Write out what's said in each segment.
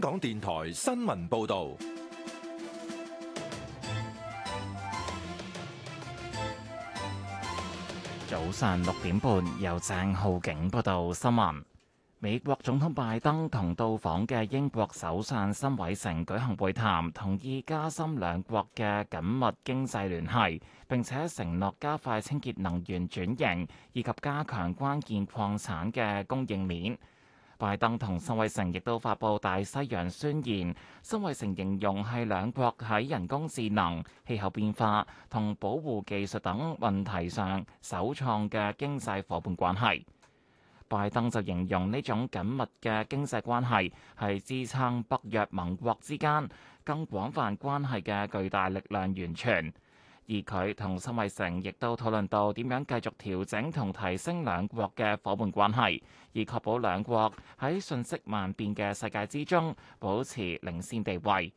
香港電台新聞報道：早上六點半，由鄭浩景報道新聞。美國總統拜登同到訪嘅英國首相辛偉誠舉行會談，同意加深兩國嘅緊密經濟聯繫，並且承諾加快清潔能源轉型，以及加強關鍵礦產嘅供應鏈。拜登同辛偉誠亦都發布大西洋宣言，辛偉誠形容係兩國喺人工智能、氣候變化同保護技術等問題上首創嘅經濟伙伴關係。拜登就形容呢種緊密嘅經濟關係係支撐北約盟國之間更廣泛關係嘅巨大力量源泉。而佢同辛偉誠亦都討論到點樣繼續調整同提升兩國嘅伙伴關係，以確保兩國喺信息萬變嘅世界之中保持領先地位。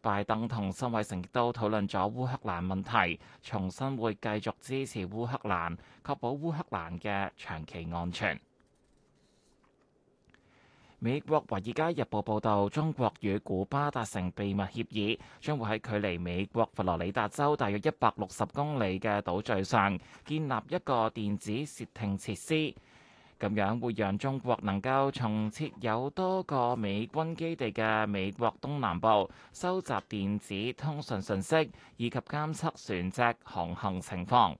拜登同辛偉誠亦都討論咗烏克蘭問題，重申會繼續支持烏克蘭，確保烏克蘭嘅長期安全。美國《華爾街日報》報導，中國與古巴達成秘密協議，將會喺距離美國佛羅里達州大約一百六十公里嘅島嶼上建立一個電子竊聽設施。咁樣會讓中國能夠從設有多個美軍基地嘅美國東南部，收集電子通訊信息以及監測船隻航行情況。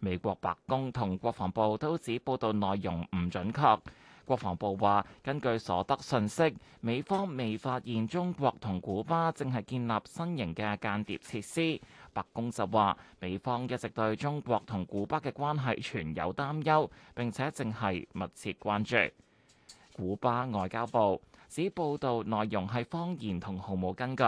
美國白宮同國防部都指報道內容唔準確。國防部話：根據所得信息，美方未發現中國同古巴正係建立新型嘅間諜設施。白宮就話，美方一直對中國同古巴嘅關係存有擔憂，並且正係密切關注。古巴外交部指報道內容係謊言同毫無根據。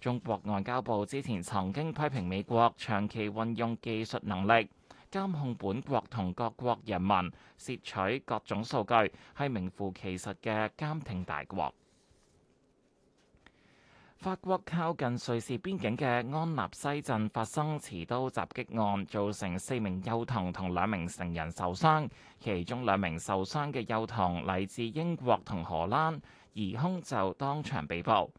中國外交部之前曾經批評美國長期運用技術能力。監控本國同各國人民，竊取各種數據，係名副其實嘅監聽大國。法國靠近瑞士邊境嘅安納西鎮發生持刀襲擊案，造成四名幼童同兩名成人受傷，其中兩名受傷嘅幼童嚟自英國同荷蘭，疑兇就當場被捕。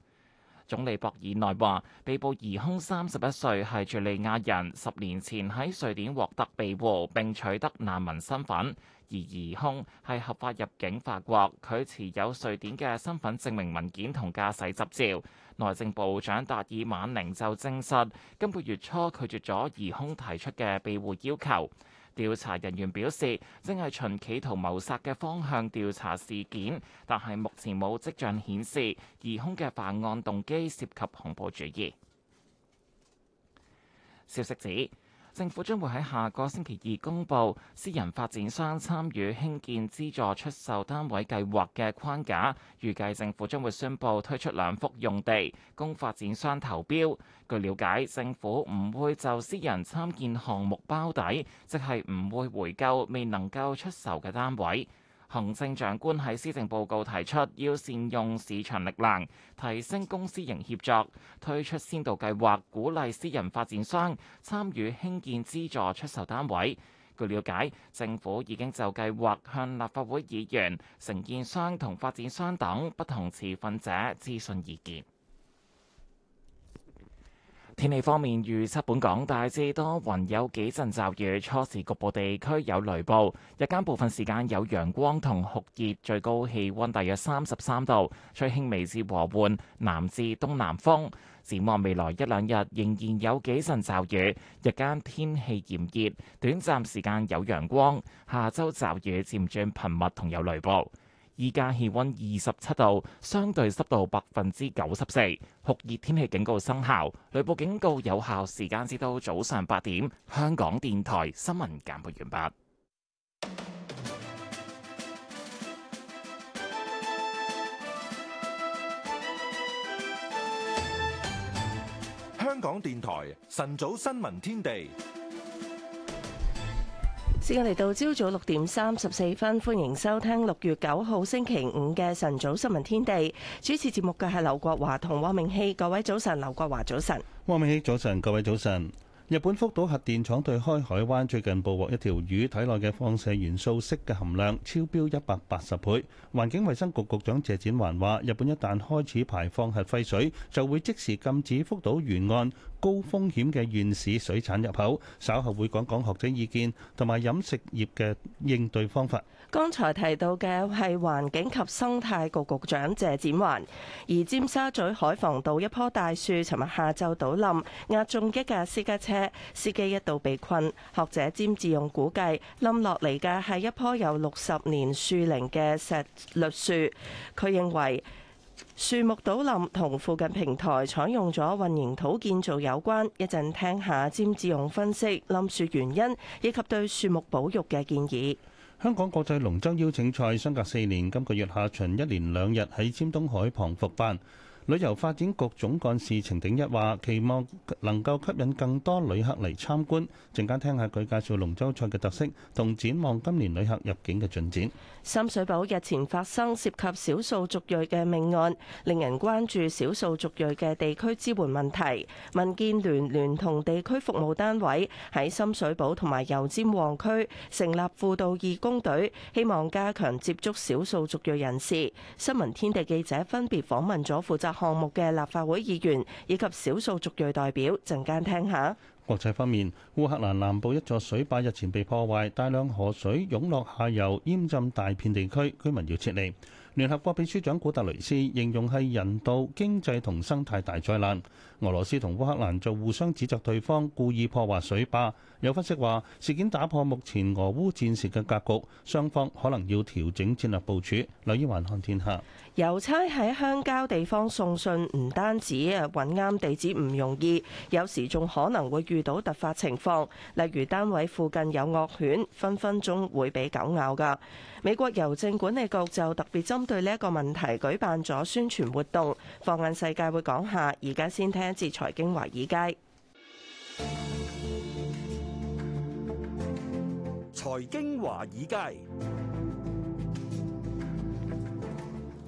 總理博爾內話：被捕疑兇三十一歲，係敘利亞人，十年前喺瑞典獲得庇護，並取得難民身份。而疑兇係合法入境法國，佢持有瑞典嘅身份證明文件同駕駛執照。內政部長達爾曼寧就證實，今個月初拒絕咗疑兇提出嘅庇護要求。調查人員表示，正係循企圖謀殺嘅方向調查事件，但係目前冇跡象顯示疑兇嘅犯案動機涉及恐怖主義。消息指。政府將會喺下個星期二公布私人發展商參與興建資助出售單位計劃嘅框架，預計政府將會宣布推出兩幅用地，供發展商投標。據了解，政府唔會就私人參建項目包底，即係唔會回購未能夠出售嘅單位。行政長官喺施政報告提出，要善用市場力量，提升公私營協作，推出先導計劃，鼓勵私人發展商參與興建資助出售單位。據了解，政府已經就計劃向立法會議員、承建商同發展商等不同持份者諮詢意見。天氣方面，預測本港大致多雲，有幾陣驟雨，初時局部地區有雷暴，日間部分時間有陽光同酷熱，最高氣温大約三十三度，吹輕微至和緩南至東南風。展望未來一兩日仍然有幾陣驟雨，日間天氣炎熱，短暫時間有陽光，下周驟雨漸轉頻密同有雷暴。依家氣溫二十七度，相對濕度百分之九十四，酷熱天氣警告生效，雷暴警告有效時間至到早上八點。香港電台新聞簡報完畢。香港電台晨早新聞天地。時間嚟到朝早六點三十四分，歡迎收聽六月九號星期五嘅晨早新聞天地。主持節目嘅係劉國華同汪明熙，各位早晨，劉國華早晨，汪明熙早晨，各位早晨。日本福島核電廠對開海灣最近捕獲一條魚體內嘅放射元素銫嘅含量超標一百八十倍。環境衛生局局長謝展環話日本一旦開始排放核廢水，就會即時禁止福島沿岸高風險嘅縣市水產入口。稍後會講講學者意見同埋飲食業嘅應對方法。剛才提到嘅係環境及生態局局長謝展環，而尖沙咀海防道一棵大樹，尋日下晝倒冧，壓中一架私家車，司機一度被困。學者詹志勇估計冧落嚟嘅係一棵有六十年樹齡嘅石栗樹。佢認為樹木倒冧同附近平台採用咗混凝土建造有關。一陣聽下詹志勇分析冧樹原因，以及對樹木保育嘅建議。香港國際龍舟邀請賽相隔四年，今個月下旬一連兩日喺尖東海旁復辦。旅遊發展局總幹事程鼎一話，期望能夠吸引更多旅客嚟參觀。陣間聽下佢介紹龍舟賽嘅特色，同展望今年旅客入境嘅進展。深水埗日前發生涉及少數族裔嘅命案，令人關注少數族裔嘅地區支援問題。民建聯聯同地區服務單位喺深水埗同埋油尖旺區成立輔導義工隊，希望加強接觸少數族裔人士。新聞天地記者分別訪問咗負責項目嘅立法會議員以及少數族裔代表，陣間聽下。國際方面，烏克蘭南部一座水壩日前被破壞，大量河水湧落下游，淹浸大片地區，居民要撤離。聯合國秘書長古特雷斯形容係人道、經濟同生態大災難。俄羅斯同烏克蘭就互相指責對方故意破壞水壩。有分析話，事件打破目前俄烏戰事嘅格局，雙方可能要調整戰略部署。留意環看天下。郵差喺鄉郊地方送信，唔單止啊揾啱地址唔容易，有時仲可能會遇到突發情況，例如單位附近有惡犬，分分鐘會俾狗咬㗎。美國郵政管理局就特別針對呢一個問題舉辦咗宣傳活動。放眼世界會講下，而家先聽。來自財經華爾街，財經華爾街，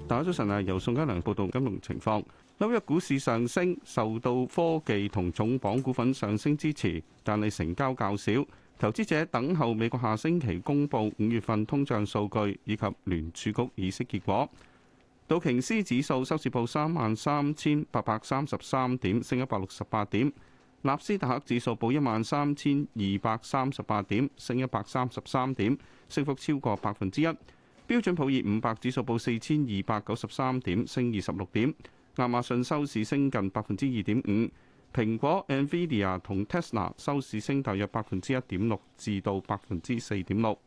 大家早晨啊！由宋嘉良報道金融情況。紐約股市上升，受到科技同重磅股份上升支持，但係成交較少。投資者等候美國下星期公布五月份通脹數據，以及聯儲局議息結果。道瓊斯指數收市報三萬三千八百三十三點，升一百六十八點；納斯達克指數報一萬三千二百三十八點，升一百三十三點，升幅超過百分之一。標準普爾五百指數報四千二百九十三點，升二十六點。亞馬遜收市升近百分之二點五，蘋果、NVIDIA 同 Tesla 收市升大約百分之一點六至到百分之四點六。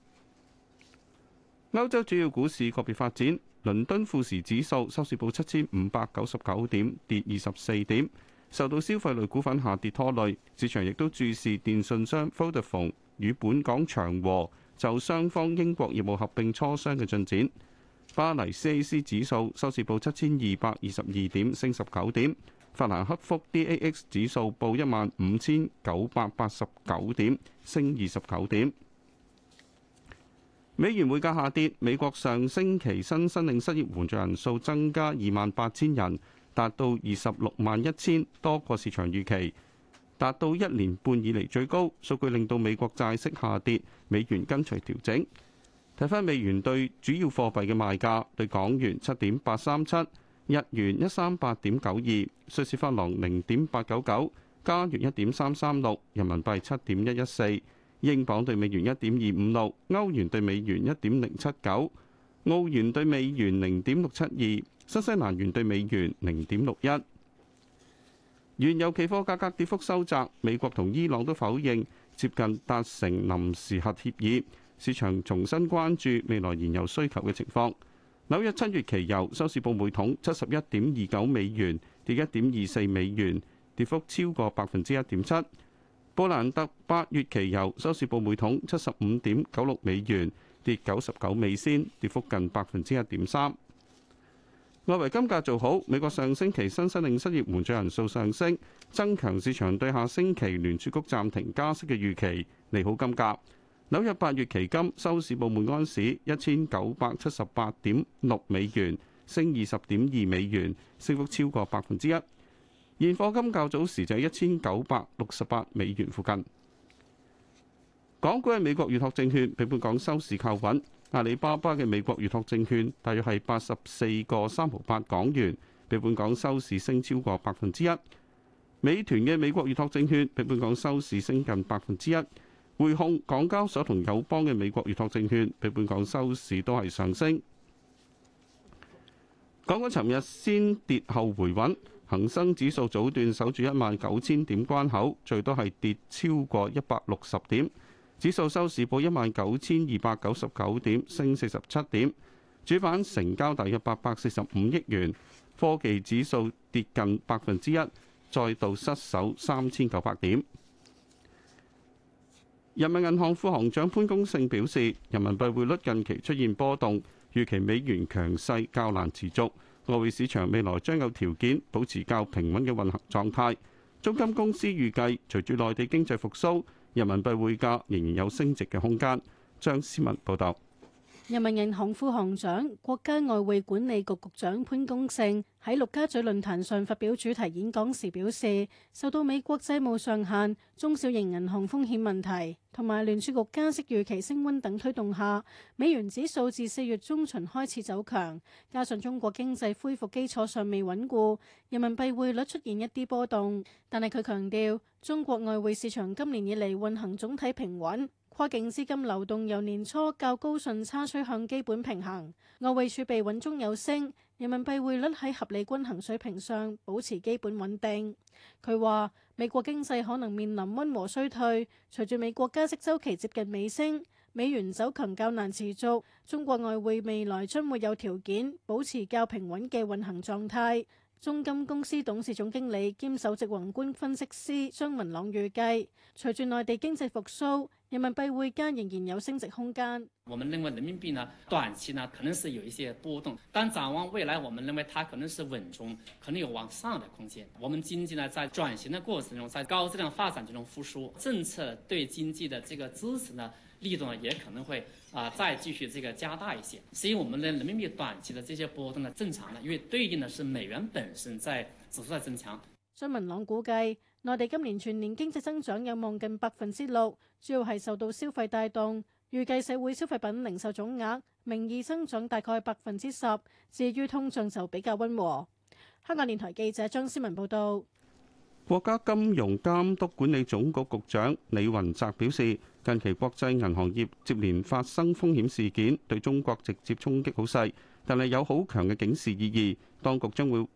歐洲主要股市個別發展。倫敦富時指數收市報七千五百九十九點，跌二十四點，受到消費類股份下跌拖累。市場亦都注視電信商 Vodafone 與本港長和就雙方英國業務合併磋商嘅進展。巴黎 CAC 指數收市報七千二百二十二點，升十九點。法蘭克福 DAX 指數報一萬五千九百八十九點，升二十九點。美元匯價下跌，美國上星期新申領失業援助人數增加二萬八千人，達到二十六萬一千，多過市場預期，達到一年半以嚟最高。數據令到美國債息下跌，美元跟隨調整。睇返美元對主要貨幣嘅賣價，對港元七點八三七，日元一三八點九二，瑞士法郎零點八九九，加元一點三三六，人民幣七點一一四。英鎊兌美元一點二五六，歐元兌美元一點零七九，澳元兌美元零點六七二，新西蘭元兌美元零點六一。原油期貨價格跌幅收窄，美國同伊朗都否認接近達成臨時核協議，市場重新關注未來燃油需求嘅情況。紐約七月期油收市報每桶七十一點二九美元，跌一點二四美元，跌幅超過百分之一點七。波蘭特八月期油收市報每桶七十五點九六美元，跌九十九美仙，跌幅近百分之一點三。外圍金價做好，美國上星期新申領失業援助人數上升，增強市場對下星期聯儲局暫停加息嘅預期，利好金價。紐約八月期金收市報每安士一千九百七十八點六美元，升二十點二美元，升幅超過百分之一。現貨金較早時就係一千九百六十八美元附近。港股嘅美國預託證券比本港收市靠穩。阿里巴巴嘅美國預託證券大約係八十四個三毫八港元，比本港收市升超過百分之一。美團嘅美國預託證券比本港收市升近百分之一。匯控、港交所同友邦嘅美國預託證券比本港收市都係上升。港股尋日先跌後回穩。恒生指數早段守住一萬九千點關口，最多係跌超過一百六十點。指數收市報一萬九千二百九十九點，升四十七點。主板成交大約八百四十五億元。科技指數跌近百分之一，再度失守三千九百點。人民銀行副行長潘功勝表示，人民幣匯率近期出現波動，預期美元強勢較難持續。外匯市場未來將有條件保持較平穩嘅運行狀態。中金公司預計，隨住內地經濟復蘇，人民幣匯價仍然有升值嘅空間。張思文報道。人民銀行副行長、國家外匯管理局局長潘功勝喺陸家嘴論壇上發表主題演講時表示，受到美國債務上限、中小型銀行風險問題同埋聯儲局加息預期升温等推動下，美元指數自四月中旬開始走強，加上中國經濟恢復基礎尚未穩固，人民幣匯率出現一啲波動。但係佢強調，中國外匯市場今年以嚟運行總體平穩。跨境資金流動由年初較高順差趨向基本平衡，外匯儲備穩中有升，人民幣匯率喺合理均衡水平上保持基本穩定。佢話：美國經濟可能面臨溫和衰退，隨住美國加息周期接近尾聲，美元走強較難持續，中國外匯未來將會有條件保持較平穩嘅運行狀態。中金公司董事總經理兼首席宏觀分析師張文朗預計，隨住內地經濟復甦，人民幣匯價仍然有升值空間。我們認為人民幣呢短期呢可能是有一些波動，但展望未來，我們認為它可能是穩中，可能有往上的空間。我們經濟呢在轉型的過程中，在高質量發展之中復甦，政策對經濟的這個支持呢。力度呢，也可能會啊，再繼續這個加大一些。所以我們的人民幣短期的這些波動呢，正常的，因為對應的是美元本身在指數在增強。張文朗估計，內地今年全年經濟增長有望近百分之六，主要係受到消費帶動，預計社會消費品零售總額名義增長大概百分之十。至於通脹就比較溫和。香港電台記者張思文報道。國家金融監督管理總局局長李雲澤表示。近期國際銀行業接連發生風險事件，對中國直接衝擊好細，但係有好強嘅警示意義，當局將會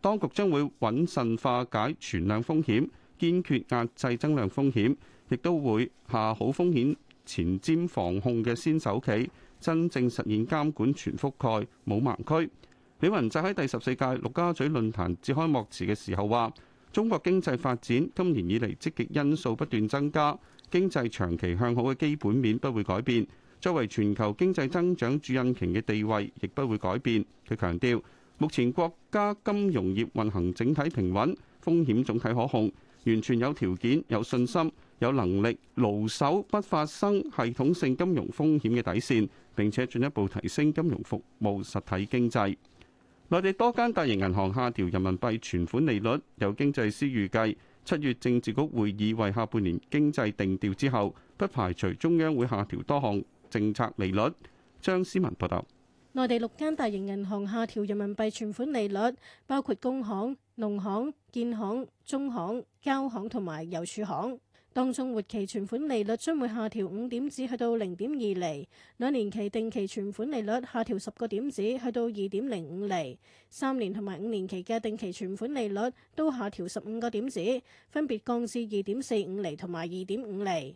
當局將會穩慎化解存量風險，堅決壓制增量風險，亦都會下好風險前瞻防控嘅先手棋，真正實現監管全覆蓋，冇盲區。李雲就喺第十四屆陸家嘴論壇致開幕詞嘅時候話，中國經濟發展今年以嚟積極因素不斷增加。經濟長期向好嘅基本面不會改變，作為全球經濟增長主引擎嘅地位亦不會改變。佢強調，目前國家金融業運行整體平穩，風險總體可控，完全有條件、有信心、有能力牢守不發生系統性金融風險嘅底線，並且進一步提升金融服務實體經濟。內地多間大型銀行下調人民幣存款利率，有經濟師預計，七月政治局會議為下半年經濟定調之後，不排除中央會下調多項政策利率。張思文報道，內地六間大型銀行下調人民幣存款利率，包括工行、農行、建行、中行、交行同埋郵儲行。當中活期存款利率將會下調五點子，去到零點二厘，兩年期定期存款利率下調十個點子，去到二點零五厘，三年同埋五年期嘅定期存款利率都下調十五個點子，分別降至二點四五厘同埋二點五厘。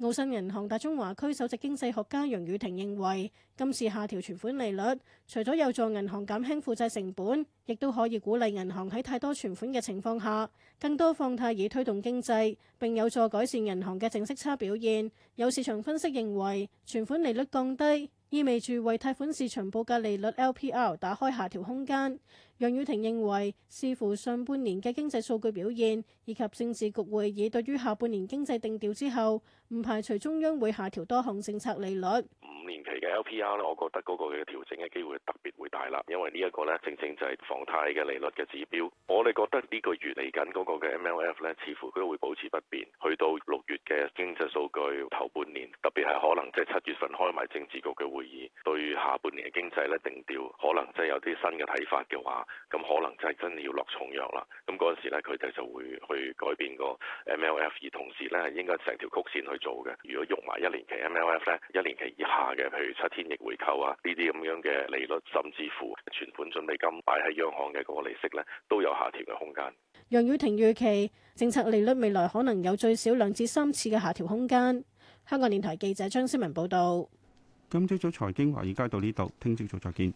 澳新銀行大中華區首席經濟學家楊宇霆認為，今次下調存款利率，除咗有助銀行減輕負債成本，亦都可以鼓勵銀行喺太多存款嘅情況下，更多放貸以推動經濟，並有助改善銀行嘅淨息差表現。有市場分析認為，存款利率降低，意味住為貸款市場報價利率 LPR 打開下調空間。楊雨婷認為，視乎上半年嘅經濟數據表現以及政治局會議對於下半年經濟定調之後，唔排除中央會下調多項政策利率。五年期嘅 LPR 咧，我覺得嗰個嘅調整嘅機會特別會大啦，因為呢一個呢，正正就係房貸嘅利率嘅指標。我哋覺得呢個月嚟緊嗰個嘅 MLF 呢，似乎都會保持不變。去到六月嘅經濟數據頭半年，特別係可能即係七月份開埋政治局嘅會議，對下半年嘅經濟呢定調，可能真係有啲新嘅睇法嘅話，咁可能就係真係要落重藥啦。咁嗰陣時咧，佢哋就會去改變個 MLF，而同時呢，應該成條曲線去做嘅。如果用埋一年期 MLF 呢，一年期以下。下嘅，譬如七天逆回購啊，呢啲咁樣嘅利率甚至乎存款準備金擺喺央行嘅嗰個利息咧，都有下調嘅空間。楊雨婷預期政策利率未來可能有最少兩至三次嘅下調空間。香港電台記者張思文報道。今朝早財經華爾街到呢度，聽朝早再見。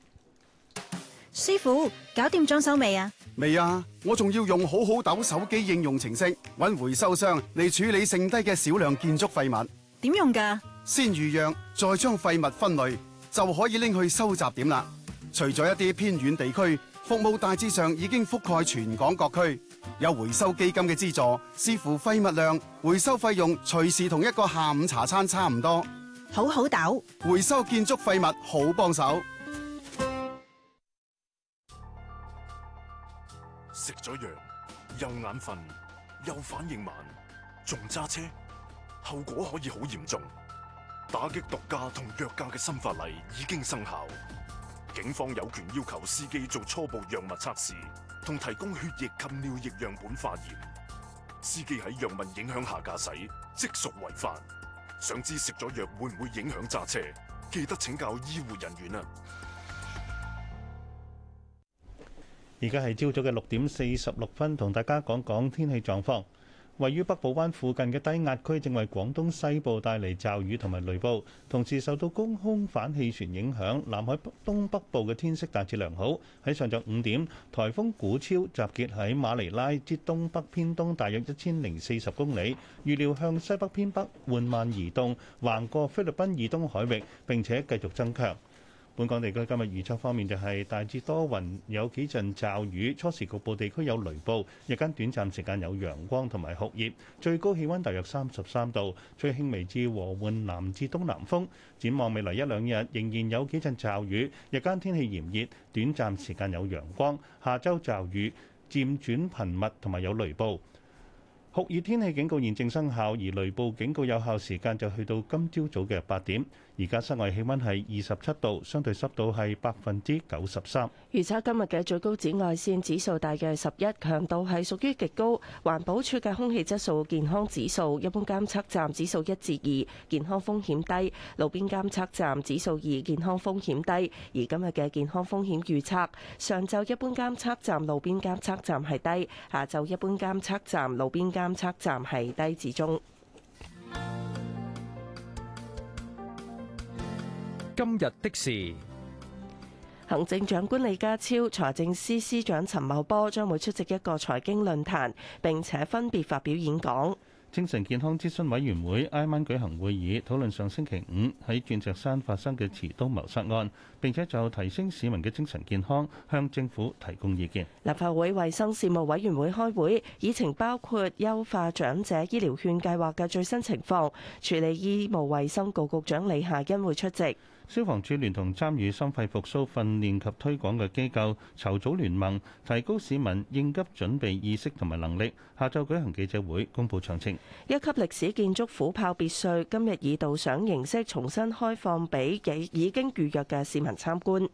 師傅，搞掂裝修未啊？未啊，我仲要用好好揼手機應用程式揾回收商嚟處理剩低嘅少量建築廢物。點用㗎？先預約，再將廢物分類，就可以拎去收集點啦。除咗一啲偏遠地區，服務大致上已經覆蓋全港各區。有回收基金嘅資助，視乎廢物量，回收費用隨時同一個下午茶餐差唔多。好好抖，回收建築廢物好幫手。食咗藥又眼瞓又反應慢，仲揸車，後果可以好嚴重。打擊毒駕同藥駕嘅新法例已經生效，警方有權要求司機做初步藥物測試，同提供血液及尿液樣本化驗。司機喺藥物影響下駕駛，即屬違法。想知食咗藥會唔會影響揸車？記得請教醫護人員啊！而家係朝早嘅六點四十六分，同大家講講天氣狀況。位於北部灣附近嘅低壓區正為廣東西部帶嚟驟雨同埋雷暴，同時受到高空反氣旋影響，南海東北部嘅天色大致良好。喺上晝五點，颱風古超集結喺馬尼拉至東北偏東大約一千零四十公里，預料向西北偏北緩慢移動，橫過菲律賓以東海域，並且繼續增強。本港地區今日預測方面，就係大致多雲，有幾陣驟雨，初時局部地區有雷暴，日間短暫時間有陽光同埋酷熱，最高氣溫大約三十三度，吹輕微至和緩南至東南風。展望未來一兩日，仍然有幾陣驟雨，日間天氣炎熱，短暫時間有陽光，下週驟雨漸轉頻密，同埋有雷暴。酷熱天氣警告現正生效，而雷暴警告有效時間就去到今朝早嘅八點。而家室外氣溫係二十七度，相對濕度係百分之九十三。預測今日嘅最高紫外線指數大約十一，強度係屬於極高。環保署嘅空氣質素健康指數，一般監測站指數一至二，健康風險低；路邊監測站指數二，健康風險低。而今日嘅健康風險預測，上晝一般監測站、路邊監測站係低，下晝一般監測站、路邊監測站係低至中。今日的事，行政長官李家超、財政司司長陳茂波將會出席一個財經論壇，並且分別發表演講。精神健康諮詢委員會挨晚舉行會議，討論上星期五喺鑽石山發生嘅持刀謀殺案，並且就提升市民嘅精神健康向政府提供意見。立法會衛生事務委員會開會，議程包括優化長者醫療券計劃嘅最新情況。處理醫務衛生局局長李夏欣會出席。消防處聯同參與心肺復甦訓練及推廣嘅機構，籌組聯盟，提高市民應急準備意識同埋能力，下晝舉行記者會公布詳情。 一級歴史建築虎豹別墅,今日以導賞形式重新開放,畀已經預約嘅市民參觀。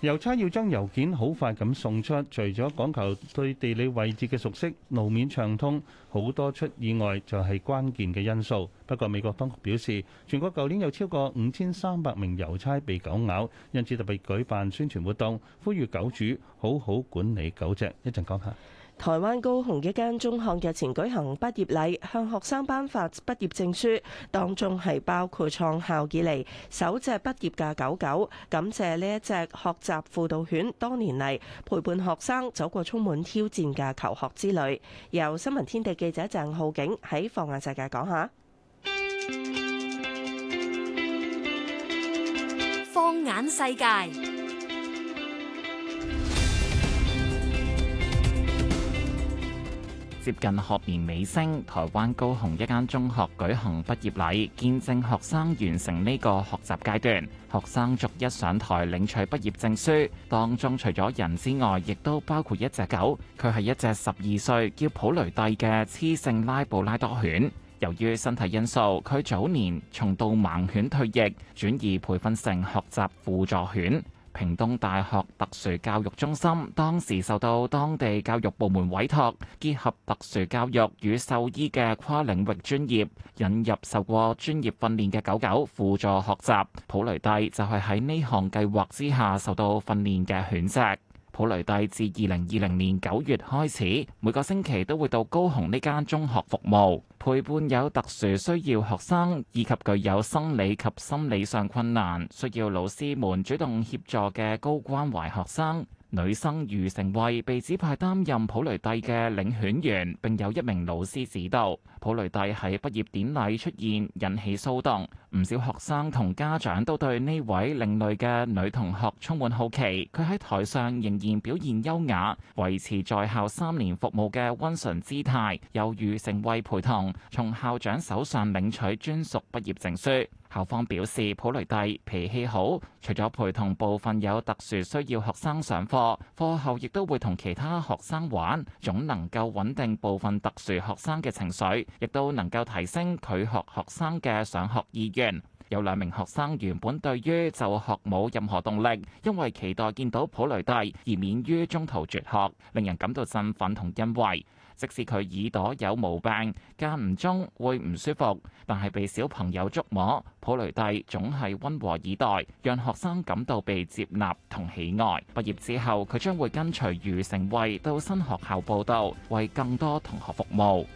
郵差要將郵件好快咁送出，除咗講求對地理位置嘅熟悉、路面暢通，好多出意外就係關鍵嘅因素。不過美國當局表示，全國舊年有超過五千三百名郵差被狗咬，因此特別舉辦宣傳活動，呼籲狗主好好管理狗隻。一陣講下。台灣高雄一間中學日前舉行畢業禮，向學生頒發畢業證書，當中係包括創校以嚟首隻畢業嘅狗狗，感謝呢一隻學習輔導犬多年嚟陪伴學生走過充滿挑戰嘅求學之旅。由新聞天地記者鄭浩景喺放眼世界講下。放眼世界。接近學年尾聲，台灣高雄一間中學舉行畢業禮，見證學生完成呢個學習階段。學生逐一上台領取畢業證書，當中除咗人之外，亦都包括一隻狗。佢係一隻十二歲叫普雷蒂嘅雌性拉布拉多犬。由於身體因素，佢早年從導盲犬退役，轉移培訓成學習輔助犬。屏東大學特殊教育中心當時受到當地教育部門委託，結合特殊教育與獸醫嘅跨領域專業，引入受過專業訓練嘅狗狗輔助學習。普雷蒂就係喺呢項計劃之下受到訓練嘅犬隻。普雷蒂自二零二零年九月開始，每個星期都會到高雄呢間中學服務，陪伴有特殊需要學生，以及具有生理及心理上困難，需要老師們主動協助嘅高關懷學生。女生余成慧被指派擔任普雷蒂嘅領犬員，並有一名老師指導。普雷蒂喺畢業典禮出現，引起騷動。唔少學生同家長都對呢位另類嘅女同學充滿好奇。佢喺台上仍然表現優雅，維持在校三年服務嘅溫純姿態。由余成慧陪同，從校長手上領取專屬畢業證書。校方表示，普雷蒂脾氣好，除咗陪同部分有特殊需要學生上課，課後亦都會同其他學生玩，總能夠穩定部分特殊學生嘅情緒，亦都能夠提升佢學學生嘅上學意願。有兩名學生原本對於就學冇任何動力，因為期待見到普雷蒂而免於中途輟學，令人感到振奮同欣慰。即使佢耳朵有毛病，間唔中會唔舒服，但係被小朋友捉摸，普雷蒂總係溫和以待，讓學生感到被接納同喜愛。畢業之後，佢將會跟隨余成慧到新學校報到，為更多同學服務。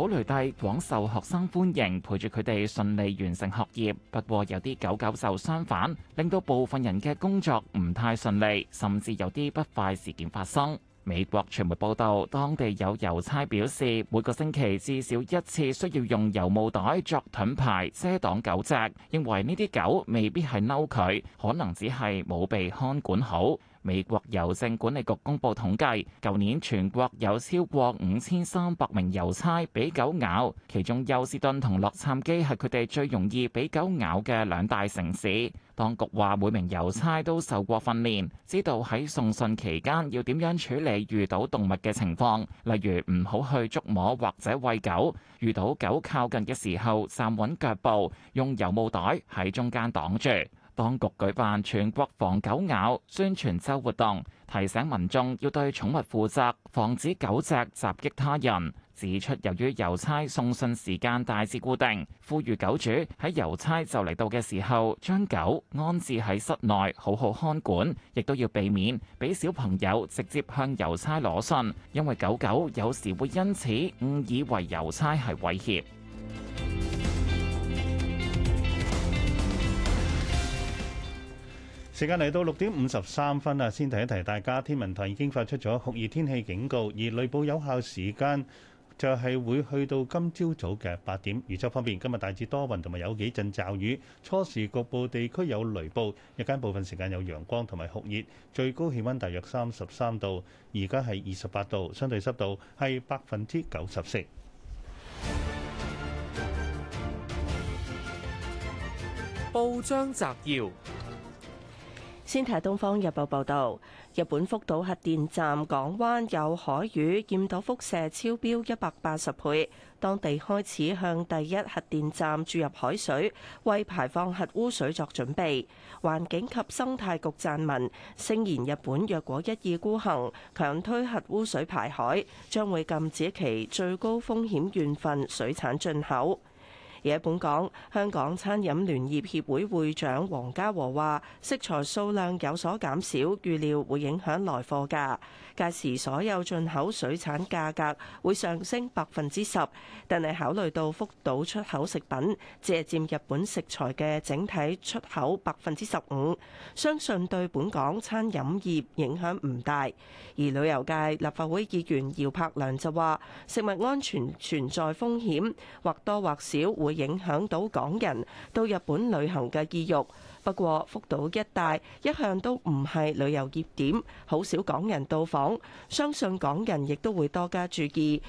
保雷蒂廣受學生歡迎，陪住佢哋順利完成學業。不過有啲狗狗就相反，令到部分人嘅工作唔太順利，甚至有啲不快事件發生。美國傳媒報道，當地有郵差表示，每個星期至少一次需要用郵務袋作盾牌遮擋狗隻，認為呢啲狗未必係嬲佢，可能只係冇被看管好。美國郵政管理局公布統計，舊年全國有超過五千三百名郵差俾狗咬，其中休斯敦同洛杉磯係佢哋最容易俾狗咬嘅兩大城市。當局話每名郵差都受過訓練，知道喺送信期間要點樣處理遇到動物嘅情況，例如唔好去捉摸或者餵狗，遇到狗靠近嘅時候站穩腳步，用郵務袋喺中間擋住。當局舉辦全國防狗咬,宣傳週活動,提醒民眾要對寵物負責,防止狗隻襲擊他人,指出由於郵差送信時間大致固定。呼籲狗主,喺郵差就嚟到嘅時候,將狗安置喺室內,好好看管,亦都要避免,俾小朋友直接向郵差攞信,因為狗狗有時會因此誤以為郵差係威脅。時間嚟到六點五十三分啦，先提一提大家，天文台已經發出咗酷熱天氣警告，而雷暴有效時間就係會去到今朝早嘅八點。預測方面，今日大致多雲同埋有幾陣驟雨，初時局部地區有雷暴，日間部分時間有陽光同埋酷熱，最高氣温大約三十三度，而家係二十八度，相對濕度係百分之九十四。報章摘要。先睇《東方日報》報道：日本福島核電站港灣有海魚驗到輻射超標一百八十倍，當地開始向第一核電站注入海水，為排放核污水作準備。環境及生態局撰文，聲言日本若果一意孤行，強推核污水排海，將會禁止其最高風險縣份水產進口。而喺本港，香港餐飲聯業協會會長黃家和話：食材數量有所減少，預料會影響來貨價。屆時所有進口水產價格會上升百分之十，但係考慮到福島出口食品只係佔日本食材嘅整體出口百分之十五，相信對本港餐飲業影響唔大。而旅遊界立法會議員姚柏良就話食物安全存在風險，或多或少會影響到港人到日本旅行嘅意欲。不過，福島一帶一向都唔係旅遊熱點，好少港人到訪。相信港人亦都會多加注意，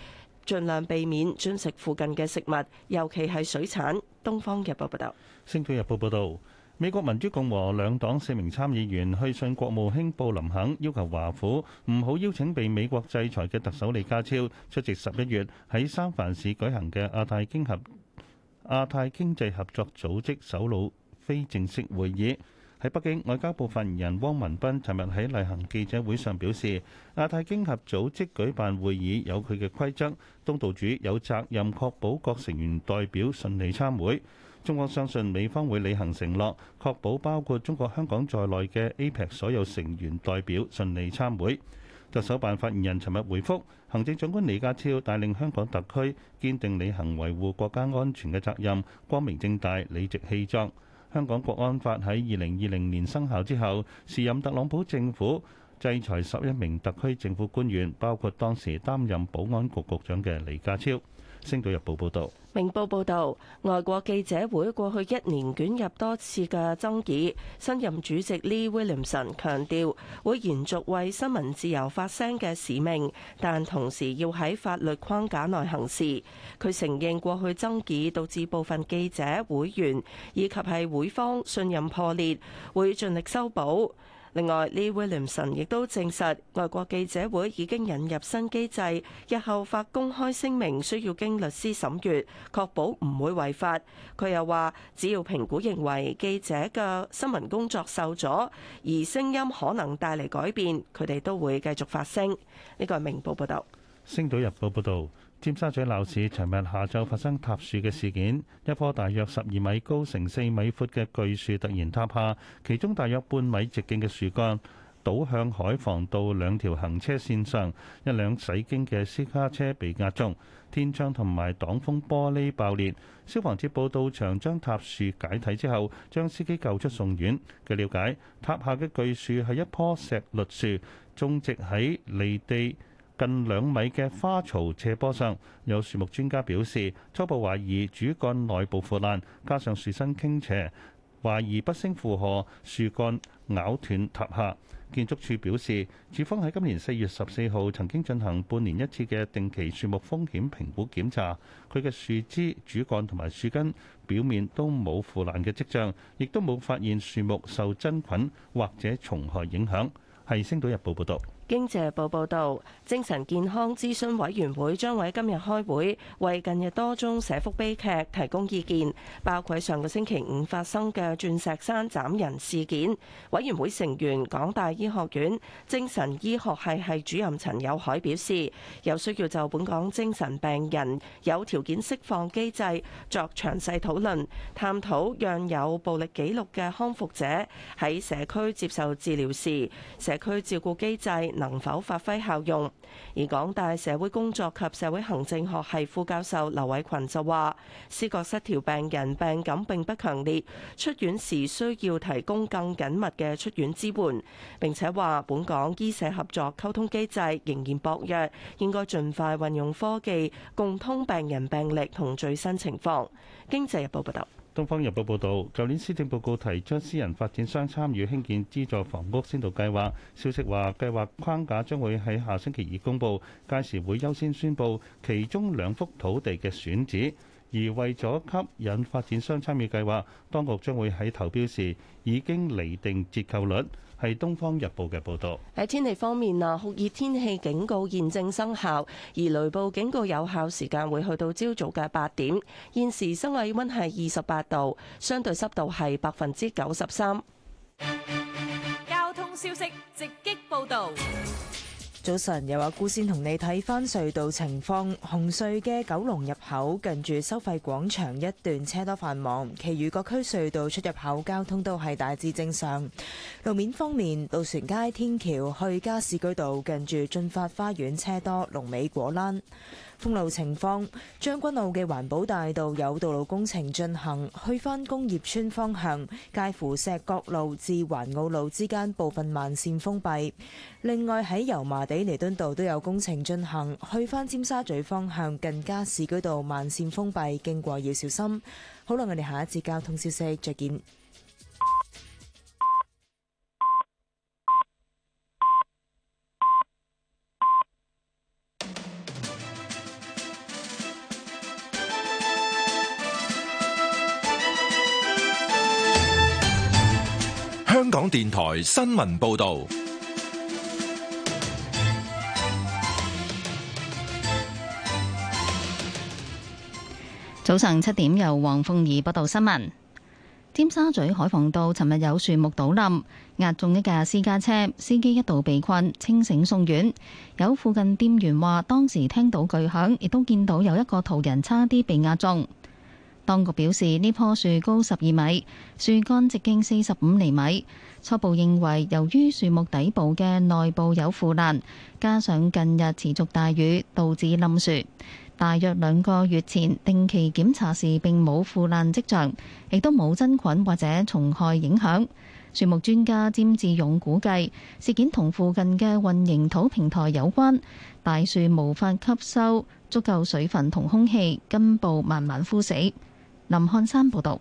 盡量避免進食附近嘅食物，尤其係水產。《東方日報》報導，《星島日報》報導，美國民主共和兩黨四名參議員去信國務卿布林肯，要求華府唔好邀請被美國制裁嘅特首李家超出席十一月喺三藩市舉行嘅亞太經合亞太經濟合作組織首腦非正式會議。喺北京，外交部發言人汪文斌尋日喺例行記者會上表示：亞太經合組織舉辦會議有佢嘅規則，東道主有責任確保各成員代表順利參會。中國相信美方會履行承諾，確保包括中國香港在內嘅 APEC 所有成員代表順利參會。特首辦發言人尋日回覆，行政長官李家超帶領香港特區堅定履行維護國家安全嘅責任，光明正大、理直氣壯。香港《國安法》喺二零二零年生效之後，時任特朗普政府制裁十一名特區政府官員，包括當時擔任保安局局長嘅李家超。星島日報報道，明報報道，外國記者會過去一年捲入多次嘅爭議，新任主席 Lee Williamson 強調會延續為新聞自由發聲嘅使命，但同時要喺法律框架內行事。佢承認過去爭議導致部分記者、會員以及係會方信任破裂，會盡力修補。另外，李威廉臣亦都證實外國記者會已經引入新機制，日後發公開聲明需要經律師審閱，確保唔會違法。佢又話只要評估認為記者嘅新聞工作受阻，而聲音可能帶嚟改變，佢哋都會繼續發聲，呢、這個係明報報道。星島日報報道。尖沙咀鬧市，尋日下晝發生塌樹嘅事件，一棵大約十二米高、乘四米闊嘅巨樹突然塌下，其中大約半米直徑嘅樹幹倒向海防道兩條行車線上，一輛駛經嘅私家車被壓中，天窗同埋擋風玻璃爆裂。消防接報到場，將塌樹解體之後，將司機救出送院。據了解，塌下嘅巨樹係一棵石栗樹，種植喺離地近兩米嘅花槽斜坡上。有樹木專家表示，初步懷疑主幹內部腐爛，加上樹身傾斜，懷疑不勝負荷，樹幹咬斷塌下。建築署表示，署方喺今年四月十四號曾經進行半年一次嘅定期樹木風險評估檢查，佢嘅樹枝、主幹同埋樹根表面都冇腐爛嘅跡象，亦都冇發現樹木受真菌或者蟲害影響。係星島日報報導。《經濟報》報導，精神健康諮詢委員會將喺今日開會，為近日多宗社福悲劇提供意見，包括上個星期五發生嘅鑽石山斬人事件。委員會成員港大醫學院精神醫學系系主任陳友凱表示，有需要就本港精神病人有條件釋放機制作詳細討論，探討讓有暴力記錄嘅康復者喺社區接受治療時，社區照顧機制能否發揮效用？而港大社會工作及社會行政學系副教授劉偉群就話，思覺失調病人病感並不強烈，出院時需要提供更緊密嘅出院支援。並且話，本港醫社合作溝通機制仍然薄弱，應該盡快運用科技，共通病人病歷同最新情況。經濟日報報道。《東方日報》報導，舊年施政報告提出私人發展商參與興建資助房屋先導計劃。消息話，計劃框架將會喺下星期二公佈，屆時會優先宣佈其中兩幅土地嘅選址。而為咗吸引發展商參與計劃，當局將會喺投標時已經釐定折扣率。係《東方日報》嘅報道。喺天氣方面啊，酷熱天氣警告現正生效，而雷暴警告有效時間會去到朝早嘅八點。現時室外氣溫係二十八度，相對濕度係百分之九十三。交通消息直擊報道。早晨，又話姑先同你睇翻隧道情況。紅隧嘅九龍入口近住收費廣場一段車多繁忙，其餘各區隧道出入口交通都係大致正常。路面方面，渡船街天橋去加士居道近住進發花園車多，龍尾果欄。封路情況，將軍澳嘅環保大道有道路工程進行，去翻工業村方向，介乎石角路至環澳路之間部分慢綫封閉。另外喺油麻地彌敦道都有工程進行，去翻尖沙咀方向，近加士居道慢綫封閉，經過要小心。好啦，我哋下一節交通消息，再見。香港電台新聞報道，早上七點，由黃鳳儀報道新聞。尖沙咀海防道尋日有樹木倒冧，壓中一架私家車，司機一度被困，清醒送院。有附近店員話，當時聽到巨響，亦都見到有一個途人差啲被壓中。當局表示，呢棵樹高十二米，樹幹直徑四十五厘米。初步認為，由於樹木底部嘅內部有腐爛，加上近日持續大雨，導致冧樹。大約兩個月前定期檢查時並冇腐爛跡象，亦都冇真菌或者蟲害影響。樹木專家詹志勇估計，事件同附近嘅混凝土平台有關。大樹無法吸收足夠水分同空氣，根部慢慢枯死。林漢山報道，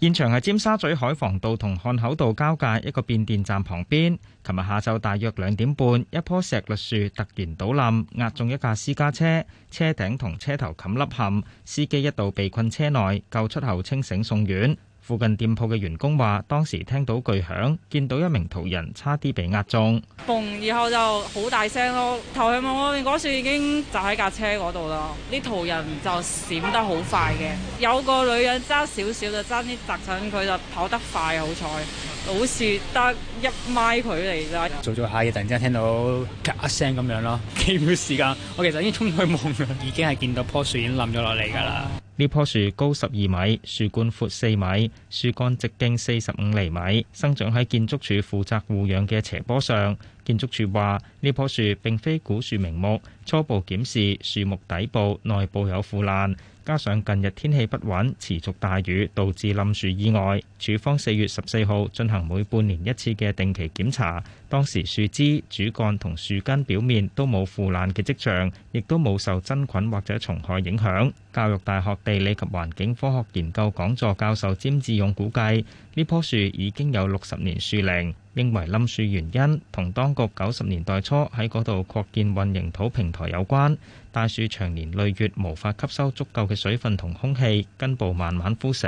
現場係尖沙咀海防道同漢口道交界一個變電站旁邊。琴日下晝大約兩點半，一棵石栗樹突然倒冧，壓中一架私家車，車頂同車頭冚凹陷，司機一度被困車內，救出後清醒送院。附近店舖嘅員工話：當時聽到巨響，見到一名途人差啲被壓中。碰，然後就好大聲咯，頭向望我面，嗰樹已經砸喺架車嗰度啦。啲途人就閃得好快嘅，有個女人揸少少就爭啲砸親佢，就跑得快，好彩。好似得一米距離啦。做咗下嘢，突然之間聽到吉聲咁樣咯，幾秒時間，我其實已經衝去望，已經係見到棵樹已經冧咗落嚟㗎啦。呢棵樹高十二米，樹冠闊四米，樹幹直徑四十五厘米，生長喺建築署負責護養嘅斜坡上。建築署話：呢棵樹並非古樹名木，初步檢視樹木底部內部有腐爛，加上近日天氣不穩，持續大雨，導致冧樹意外。署方四月十四號進行每半年一次嘅定期檢查。當時樹枝、主幹同樹根表面都冇腐爛嘅跡象，亦都冇受真菌或者蟲害影響。教育大學地理及環境科學研究講座教授詹志勇估計，呢棵樹已經有六十年樹齡，認為冧樹原因同當局九十年代初喺嗰度擴建混凝土平台有關。大樹長年累月無法吸收足夠嘅水分同空氣，根部慢慢枯死。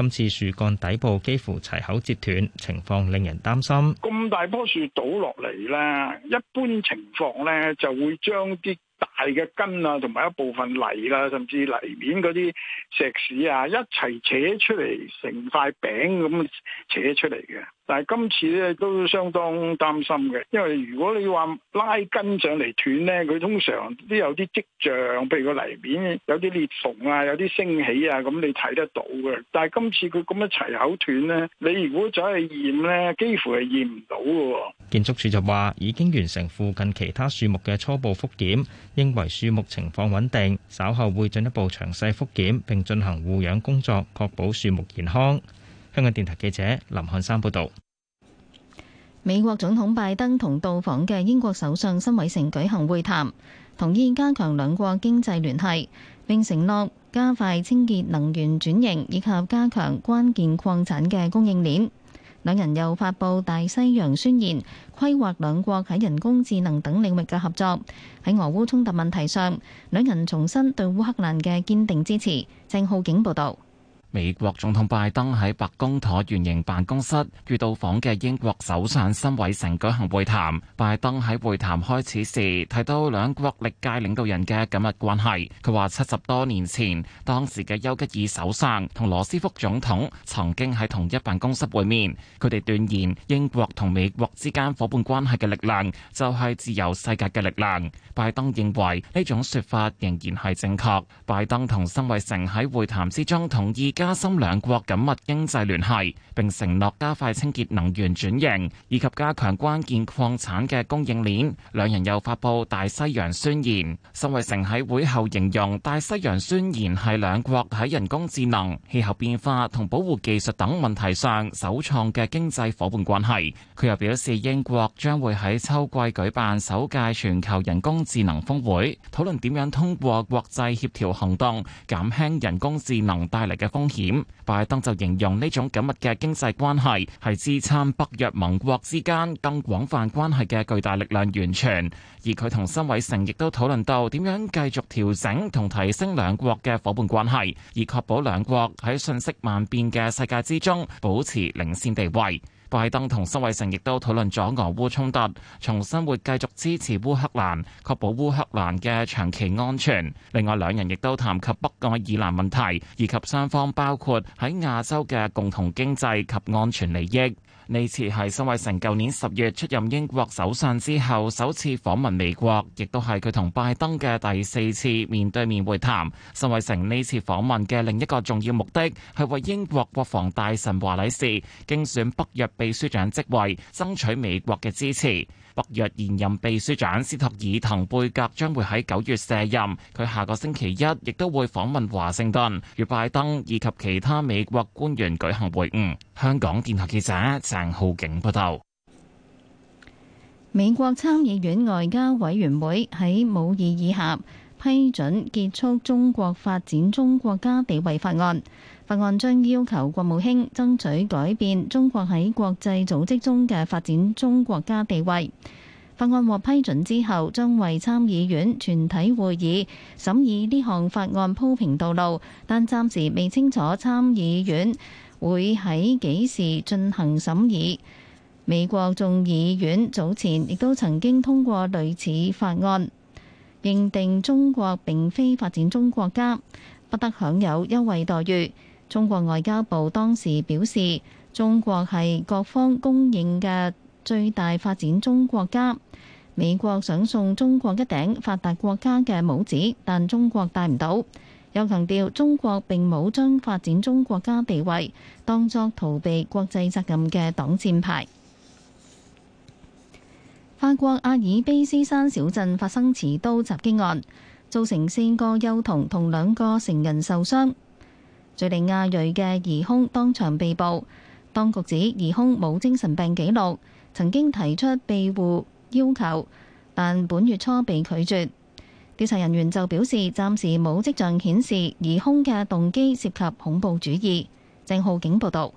今次樹幹底部幾乎齊口截斷，情況令人擔心。咁大棵樹倒落嚟咧，一般情況咧就會將啲大嘅根啊，同埋一部分泥啦，甚至泥面嗰啲石屎啊，一齊扯出嚟，成塊餅咁扯出嚟嘅。但係今次咧都相當擔心嘅，因為如果你話拉筋上嚟斷呢，佢通常都有啲跡象，譬如個泥面有啲裂縫啊，有啲升起啊，咁你睇得到嘅。但係今次佢咁一齊口斷呢，你如果走去驗呢，幾乎係驗唔到嘅。建築署就話已經完成附近其他樹木嘅初步復檢，認為樹木情況穩定，稍後會進一步詳細復檢並進行護養工作，確保樹木健康。香港電台記者林漢山報道：美國總統拜登同到訪嘅英國首相辛偉誠舉行會談，同意加強兩國經濟聯繫，並承諾加快清潔能源轉型，以及加強關鍵礦產嘅供應鏈。兩人又發佈大西洋宣言，規劃兩國喺人工智能等領域嘅合作。喺俄烏衝突問題上，兩人重申對烏克蘭嘅堅定支持。鄭浩景報道。美國總統拜登喺白宮橢圓形辦公室遇到訪嘅英國首相辛偉誠舉行會談。拜登喺會談開始時提到兩國歷屆領導人嘅緊密關係。佢話七十多年前，當時嘅丘吉爾首相同羅斯福總統曾經喺同一辦公室會面。佢哋斷言英國同美國之間伙伴關係嘅力量就係自由世界嘅力量。拜登認為呢種說法仍然係正確。拜登同辛偉誠喺會談之中統一。加深兩國緊密經濟聯繫，並承諾加快清潔能源轉型，以及加強關鍵礦產嘅供應鏈。兩人又發布大西洋宣言。辛偉誠喺會後形容大西洋宣言係兩國喺人工智能、氣候變化同保護技術等問題上首創嘅經濟夥伴關係。佢又表示，英國將會喺秋季舉辦首屆全球人工智能峰會，討論點樣通過國際協調行動減輕人工智能帶嚟嘅風險，拜登就形容呢種緊密嘅經濟關係係支撐北約盟國之間更廣泛關係嘅巨大力量源泉。而佢同辛偉誠亦都討論到點樣繼續調整同提升兩國嘅伙伴關係，以確保兩國喺瞬息萬變嘅世界之中保持領先地位。拜登同辛偉誠亦都討論咗俄烏衝突，重申會繼續支持烏克蘭，確保烏克蘭嘅長期安全。另外兩人亦都談及北愛爾蘭問題，以及雙方包括喺亞洲嘅共同經濟及安全利益。呢次係辛偉誠舊年十月出任英國首相之後首次訪問美國，亦都係佢同拜登嘅第四次面對面會談。辛偉誠呢次訪問嘅另一個重要目的，係為英國國防大臣華禮士競選北約秘書長職位爭取美國嘅支持。北約現任秘書長斯特爾滕貝格將會喺九月卸任，佢下個星期一亦都會訪問華盛頓，與拜登以及其他美國官員舉行會晤。香港電台記者鄭浩景報道。美國參議院外交委員會喺無異議下批准結束中國發展中國家地位法案。法案將要求國務卿爭取改變中國喺國際組織中嘅發展中國家地位。法案獲批准之後，將為參議院全體會議審議呢項法案鋪平道路，但暫時未清楚參議院會喺幾時進行審議。美國眾議院早前亦都曾經通過類似法案，認定中國並非發展中國家，不得享有優惠待遇。中國外交部當時表示，中國係各方公認嘅最大發展中國家。美國想送中國一頂發達國家嘅帽子，但中國戴唔到。又強調中國並冇將發展中國家地位當作逃避國際責任嘅擋箭牌。法國阿爾卑斯山小鎮發生持刀襲擊案，造成四個幼童同兩個成人受傷。敘利亞裔嘅疑凶當場被捕，當局指疑凶冇精神病記錄，曾經提出庇護要求，但本月初被拒絕。調查人員就表示，暫時冇跡象顯示疑凶嘅動機涉及恐怖主義。鄭浩景報道。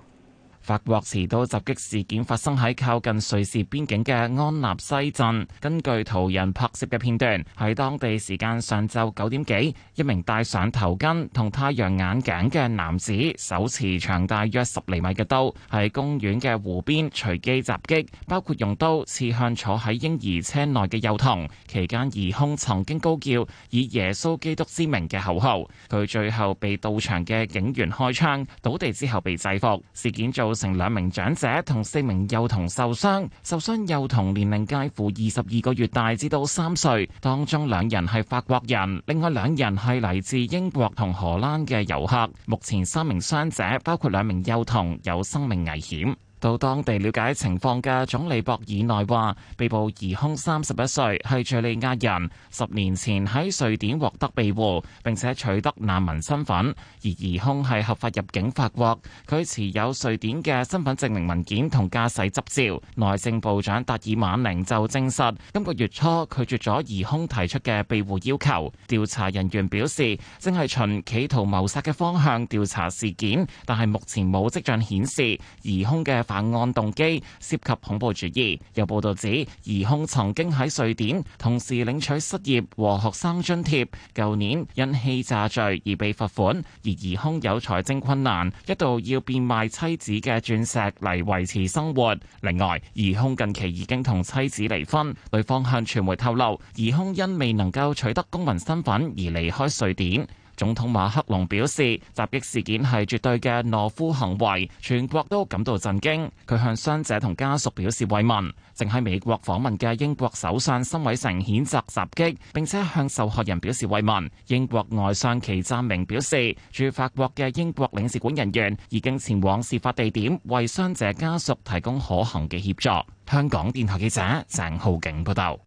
法國持刀襲擊事件發生喺靠近瑞士邊境嘅安納西鎮。根據途人拍攝嘅片段，喺當地時間上晝九點幾，一名戴上頭巾同太陽眼鏡嘅男子，手持長大約十厘米嘅刀，喺公園嘅湖邊隨機襲擊，包括用刀刺向坐喺嬰兒車內嘅幼童。期間，疑兇曾經高叫以耶穌基督之名嘅口號。佢最後被到場嘅警員開槍倒地之後被制服。事件造。造成兩名長者同四名幼童受傷，受傷幼童年齡介乎二十二個月大至到三歲。當中兩人係法國人，另外兩人係嚟自英國同荷蘭嘅遊客。目前三名傷者，包括兩名幼童，有生命危險。到當地瞭解情況嘅總理博爾內話：被捕疑兇三十一歲，係敍利亞人，十年前喺瑞典獲得庇護並且取得難民身份，而疑兇係合法入境法國。佢持有瑞典嘅身份證明文件同駕駛執照。內政部長達爾馬寧就證實，今個月初拒絕咗疑兇提出嘅庇護要求。調查人員表示，正係循企圖謀殺嘅方向調查事件，但係目前冇跡象顯示疑兇嘅犯案動機涉及恐怖主義。有報道指，疑兇曾經喺瑞典同時領取失業和學生津貼，舊年因欺詐罪而被罰款，而疑兇有財政困難，一度要變賣妻子嘅鑽石嚟維持生活。另外，疑兇近期已經同妻子離婚，女方向傳媒透露，疑兇因未能夠取得公民身份而離開瑞典。總統馬克龍表示，襲擊事件係絕對嘅懦夫行為，全國都感到震驚。佢向傷者同家屬表示慰問。正喺美國訪問嘅英國首相辛偉誠譴責襲擊，並且向受害人表示慰問。英國外相祁湛明表示，駐法國嘅英國領事館人員已經前往事發地點，為傷者家屬提供可行嘅協助。香港電台記者鄭浩景報道。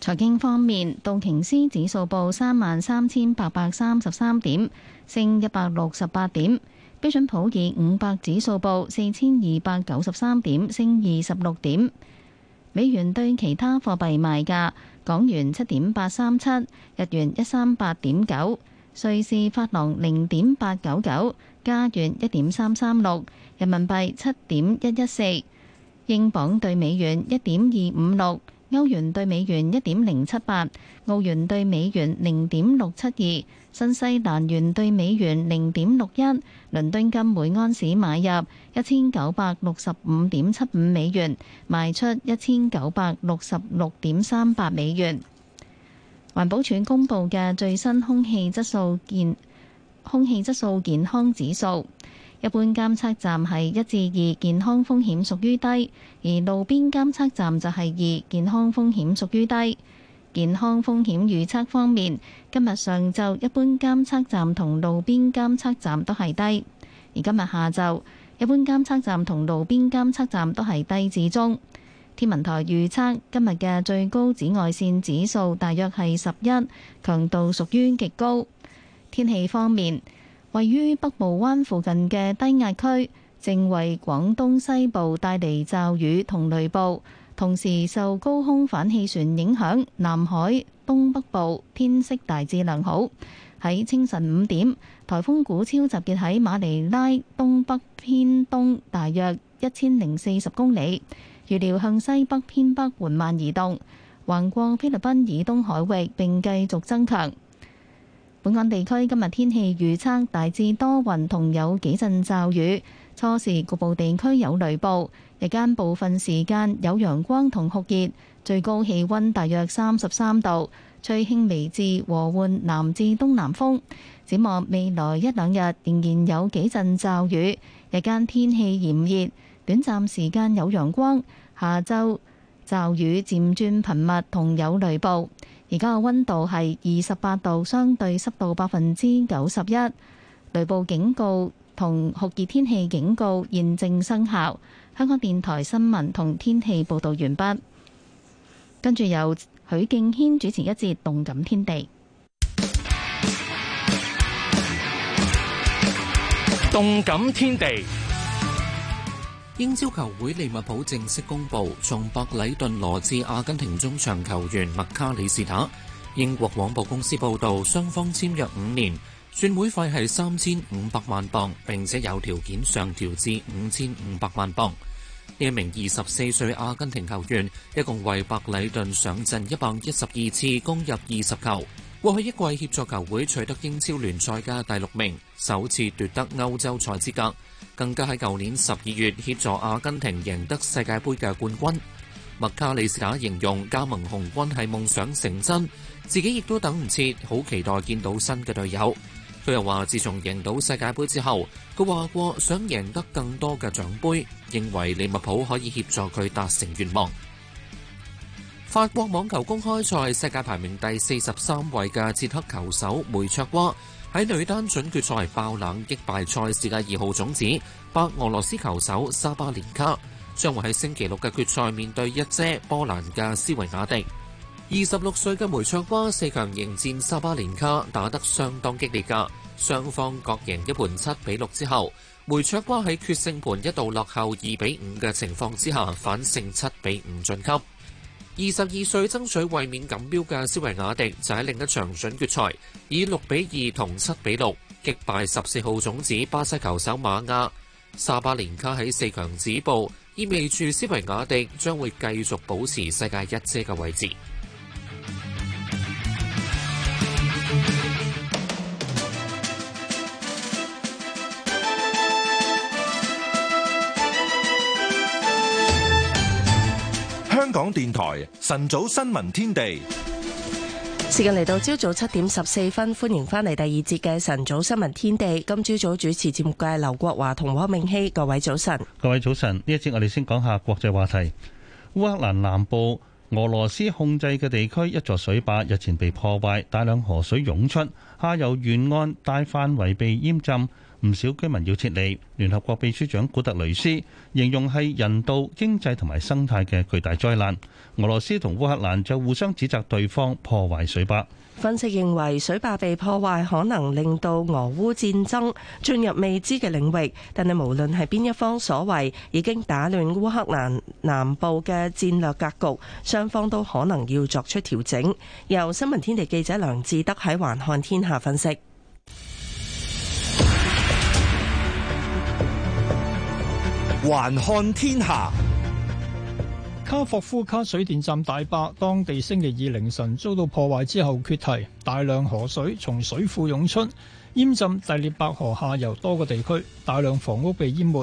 財經方面，道瓊斯指數報三萬三千八百三十三點，升一百六十八點。標準普爾五百指數報四千二百九十三點，升二十六點。美元對其他貨幣賣價：港元七點八三七，日元一三八點九，瑞士法郎零點八九九，加元一點三三六，人民幣七點一一四，英鎊對美元一點二五六。歐元對美元一點零七八，澳元對美元零點六七二，新西蘭元對美元零點六一，倫敦金每安士買入一千九百六十五點七五美元，賣出一千九百六十六點三八美元。環保署公布嘅最新空氣質素健空氣質素健康指數。一般監測站係一至二，健康風險屬於低；而路邊監測站就係二，健康風險屬於低。健康風險預測方面，今日上晝一般監測站同路邊監測站都係低；而今日下晝一般監測站同路邊監測站都係低至中。天文台預測今日嘅最高紫外線指數大約係十一，強度屬於極高。天氣方面。位於北部灣附近嘅低壓區，正為廣東西部帶嚟驟雨同雷暴，同時受高空反氣旋影響，南海東北部天色大致良好。喺清晨五點，颱風古超集結喺馬尼拉東北偏東大約一千零四十公里，預料向西北偏北緩慢移動，橫過菲律賓以東海域並繼續增強。本港地區今日天氣預測大致多雲同有幾陣驟雨，初時局部地區有雷暴，日間部分時間有陽光同酷熱，最高氣温大約三十三度，吹輕微至和緩南至東南風。展望未來一兩日仍然有幾陣驟雨，日間天氣炎熱，短暫時間有陽光，下週驟雨漸轉頻密同有雷暴。而家嘅溫度係二十八度，相對濕度百分之九十一。雷暴警告同酷熱天氣警告現正生效。香港電台新聞同天氣報道完畢。跟住由許敬軒主持一節《動感天地》。《動感天地》英超球會利物浦正式公布從白禮頓羅致阿根廷中場球員麥卡里斯塔。英國廣播公司報道，雙方簽約五年，轉會費係三千五百萬鎊，並且有條件上調至五千五百萬鎊。呢名二十四歲阿根廷球員一共為白禮頓上陣一百一十二次，攻入二十球。過去一季協助球會取得英超聯賽嘅第六名，首次奪得歐洲賽資格。更加喺舊年十二月協助阿根廷贏得世界盃嘅冠軍。麥卡利斯塔形容加盟紅軍係夢想成真，自己亦都等唔切，好期待見到新嘅隊友。佢又話：自從贏到世界盃之後，佢話過想贏得更多嘅獎盃，認為利物浦可以協助佢達成願望。法國網球公開賽世界排名第四十三位嘅捷克球手梅卓娃。喺女單準決賽爆冷擊敗賽事嘅二號種子白俄羅斯球手沙巴連卡，將會喺星期六嘅決賽面對一姐波蘭嘅斯維亞迪。二十六歲嘅梅卓娃四強迎戰沙巴連卡打得相當激烈噶，雙方各贏一盤七比六之後，梅卓娃喺決勝盤一度落後二比五嘅情況之下反勝七比五晉級。二十二歲爭取衛冕錦標嘅斯維亞迪就喺另一場準決賽以六比二同七比六擊敗十四號種子巴西球手瑪雅，沙巴連卡喺四強止步，意味住斯維亞迪將會繼續保持世界一姐嘅位置。香港電台晨早新聞天地，時間嚟到朝早七點十四分，歡迎返嚟第二節嘅晨早新聞天地。今朝早主持節目嘅係劉國華同汪明熙。各位早晨，各位早晨。呢一節我哋先講下國際話題。烏克蘭南部俄羅斯控制嘅地區一座水壩日前被破壞，大量河水湧出，下游沿岸大範圍被淹浸。唔少居民要撤離。聯合國秘書長古特雷斯形容係人道、經濟同埋生態嘅巨大災難。俄羅斯同烏克蘭就互相指責對方破壞水壩。分析認為水壩被破壞可能令到俄烏戰爭進入未知嘅領域，但係無論係邊一方所為，已經打亂烏克蘭南部嘅戰略格局，雙方都可能要作出調整。由新聞天地記者梁志德喺環看天下分析。還看天下，卡霍夫卡水電站大壩當地星期二凌晨遭到破壞之後決堤，大量河水從水庫湧出，淹浸第聶伯河下游多個地區，大量房屋被淹沒。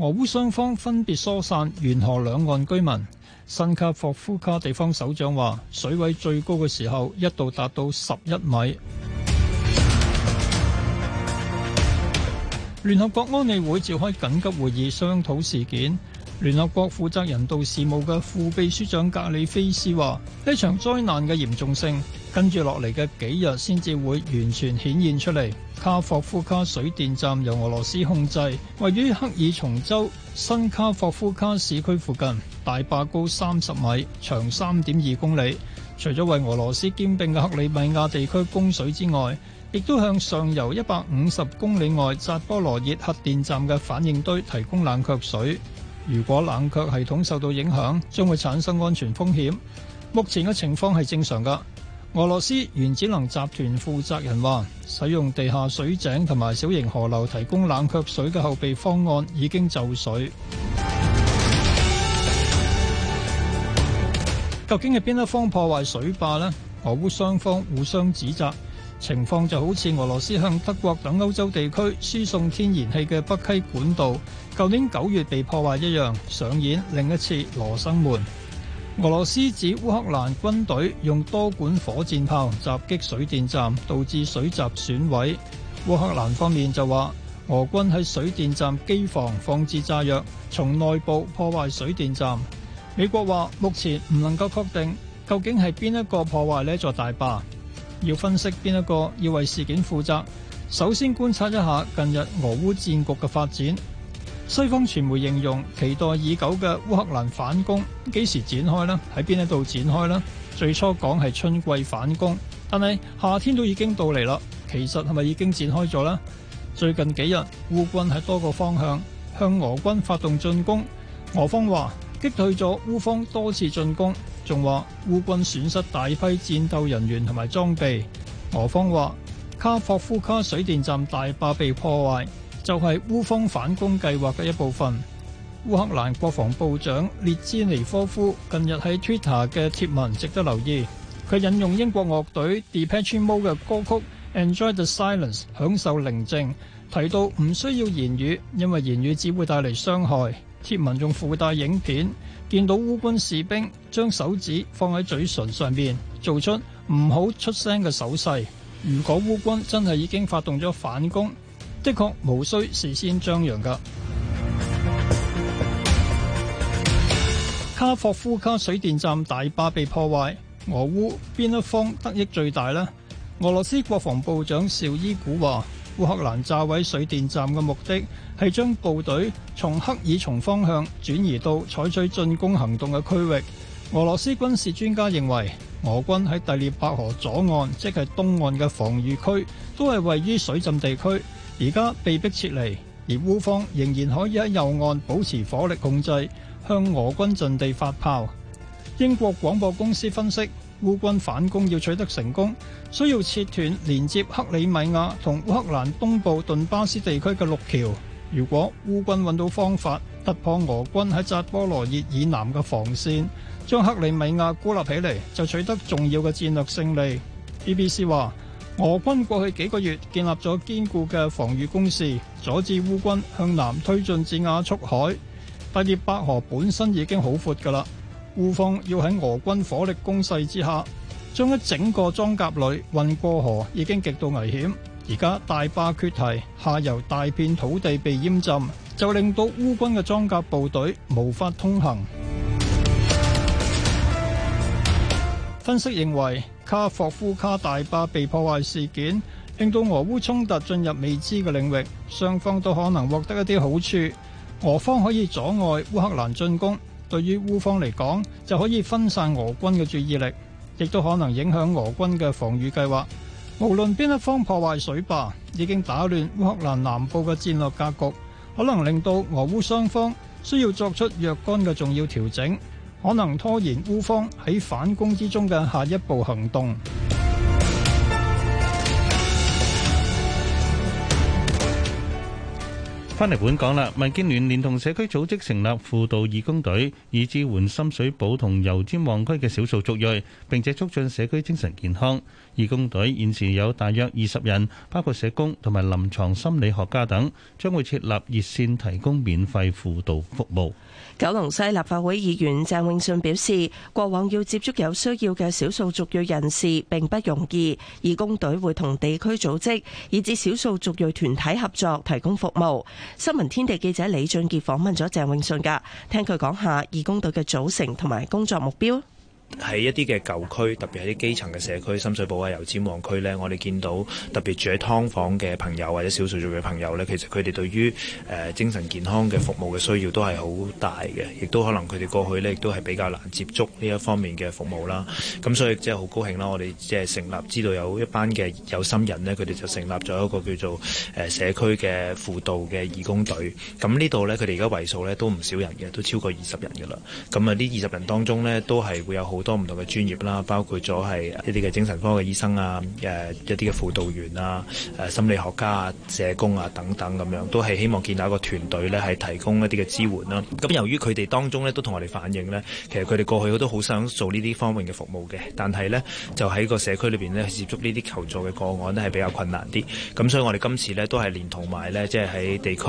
俄烏雙方分別疏散沿河兩岸居民。新卡霍夫卡地方首長話，水位最高嘅時候一度達到十一米。聯合國安理會召開緊急會議商討事件。聯合國負責人道事務嘅副秘書長格里菲斯話呢 場災難嘅嚴重性，跟住落嚟嘅幾日先至會完全顯現出嚟。卡霍夫卡水電站由俄羅斯控制，位於克爾松州新卡霍夫卡市區附近，大壩高三十米，長三點二公里。除咗為俄羅斯兼併嘅克里米亞地區供水之外，亦都向上游一百五十公里外扎波羅熱核電站嘅反應堆提供冷卻水。如果冷卻系統受到影響，將會產生安全風險。目前嘅情況係正常噶。俄羅斯原子能集團負責人話，使用地下水井同埋小型河流提供冷卻水嘅後備方案已經就緒。 究竟係邊一方破壞水壩咧？俄烏雙方互相指責。情況就好似俄羅斯向德國等歐洲地區輸送天然氣嘅北溪管道，舊年九月被破壞一樣，上演另一次羅生門。俄羅斯指烏克蘭軍隊用多管火箭炮襲擊水電站，導致水閘損毀。烏克蘭方面就話，俄軍喺水電站機房放置炸藥，從內部破壞水電站。美國話，目前唔能夠確定究竟係邊一個破壞呢座大壩。要分析邊一個要為事件負責，首先觀察一下近日俄烏戰局嘅發展。西方傳媒形容期待已久嘅烏克蘭反攻幾時展開呢？喺邊一度展開呢？最初講係春季反攻，但係夏天都已經到嚟啦，其實係咪已經展開咗呢？最近幾日烏軍喺多個方向向俄軍發動進攻，俄方話。擊退咗烏方多次進攻，仲話烏軍損失大批戰鬥人員同埋裝備。俄方話卡霍夫卡水電站大壩被破壞，就係、是、烏方反攻計劃嘅一部分。烏克蘭國防部長列茲尼科夫近日喺 Twitter 嘅貼文值得留意，佢引用英國樂隊 Depeche Mode 嘅歌曲 Enjoy the Silence 享受寧靜，提到唔需要言語，因為言語只會帶嚟傷害。貼文仲附帶影片，見到烏軍士兵將手指放喺嘴唇上邊，做出唔好出聲嘅手勢。如果烏軍真係已經發動咗反攻，的確無需事先張揚噶。卡霍夫卡水電站大壩被破壞，俄烏邊一方得益最大呢？俄羅斯國防部長紹伊古話。烏克蘭炸毀水電站嘅目的係將部隊從克爾松方向轉移到採取進攻行動嘅區域。俄羅斯軍事專家認為，俄軍喺第聶伯河左岸，即係東岸嘅防禦區，都係位於水浸地區，而家被迫撤離。而烏方仍然可以喺右岸保持火力控制，向俄軍陣地發炮。英國廣播公司分析。烏軍反攻要取得成功，需要切斷連接克里米亞同烏克蘭東部頓巴斯地區嘅陸橋。如果烏軍揾到方法突破俄軍喺扎波羅熱以南嘅防線，將克里米亞孤立起嚟，就取得重要嘅戰略勝利。BBC 話，俄軍過去幾個月建立咗堅固嘅防禦工事，阻止烏軍向南推進至亞速海。第聶伯河本身已經好闊㗎啦。烏方要喺俄軍火力攻勢之下，將一整個裝甲旅運過河，已經極度危險。而家大壩決堤，下游大片土地被淹浸，就令到烏軍嘅裝甲部隊無法通行。 分析認為，卡霍夫卡大壩被破壞事件，令到俄烏衝突進入未知嘅領域，雙方都可能獲得一啲好處。俄方可以阻礙烏克蘭進攻。對於烏方嚟講，就可以分散俄軍嘅注意力，亦都可能影響俄軍嘅防禦計劃。無論邊一方破壞水壩，已經打亂烏克蘭南部嘅戰略格局，可能令到俄烏雙方需要作出若干嘅重要調整，可能拖延烏方喺反攻之中嘅下一步行動。翻嚟本港啦！民建聯連同社區組織成立輔導義工隊，以支援深水埗同油尖旺區嘅少數族裔，並且促進社區精神健康。義工隊現時有大約二十人，包括社工同埋臨床心理學家等，將會設立熱線提供免費輔導服務。九龍西立法會議員鄭泳舜表示，過往要接觸有需要嘅少數族裔人士並不容易，義工隊會同地區組織以至少數族裔團體合作提供服務。新聞天地記者李俊杰訪問咗鄭泳舜，噶，聽佢講下義工隊嘅組成同埋工作目標。喺一啲嘅舊區，特別係啲基層嘅社區，深水埗啊、油尖旺區呢，我哋見到特別住喺劏房嘅朋友或者少數族嘅朋友呢，其實佢哋對於誒、呃、精神健康嘅服務嘅需要都係好大嘅，亦都可能佢哋過去呢，亦都係比較難接觸呢一方面嘅服務啦。咁所以即係好高興啦，我哋即係成立，知道有一班嘅有心人呢，佢哋就成立咗一個叫做誒、呃、社區嘅輔導嘅義工隊。咁呢度呢，佢哋而家為數呢，都唔少人嘅，都超過二十人㗎啦。咁啊，呢二十人當中呢，都係會有好，好多唔同嘅專業啦，包括咗係一啲嘅精神科嘅醫生啊，誒一啲嘅輔導員啊，誒心理學家啊、社工啊等等咁樣，都係希望建立一個團隊咧，係提供一啲嘅支援啦。咁由於佢哋當中咧都同我哋反映咧，其實佢哋過去都好想做呢啲方面嘅服務嘅，但係咧就喺個社區裏邊咧接觸呢啲求助嘅個案咧係比較困難啲。咁所以我哋今次咧都係連同埋咧，即係喺地區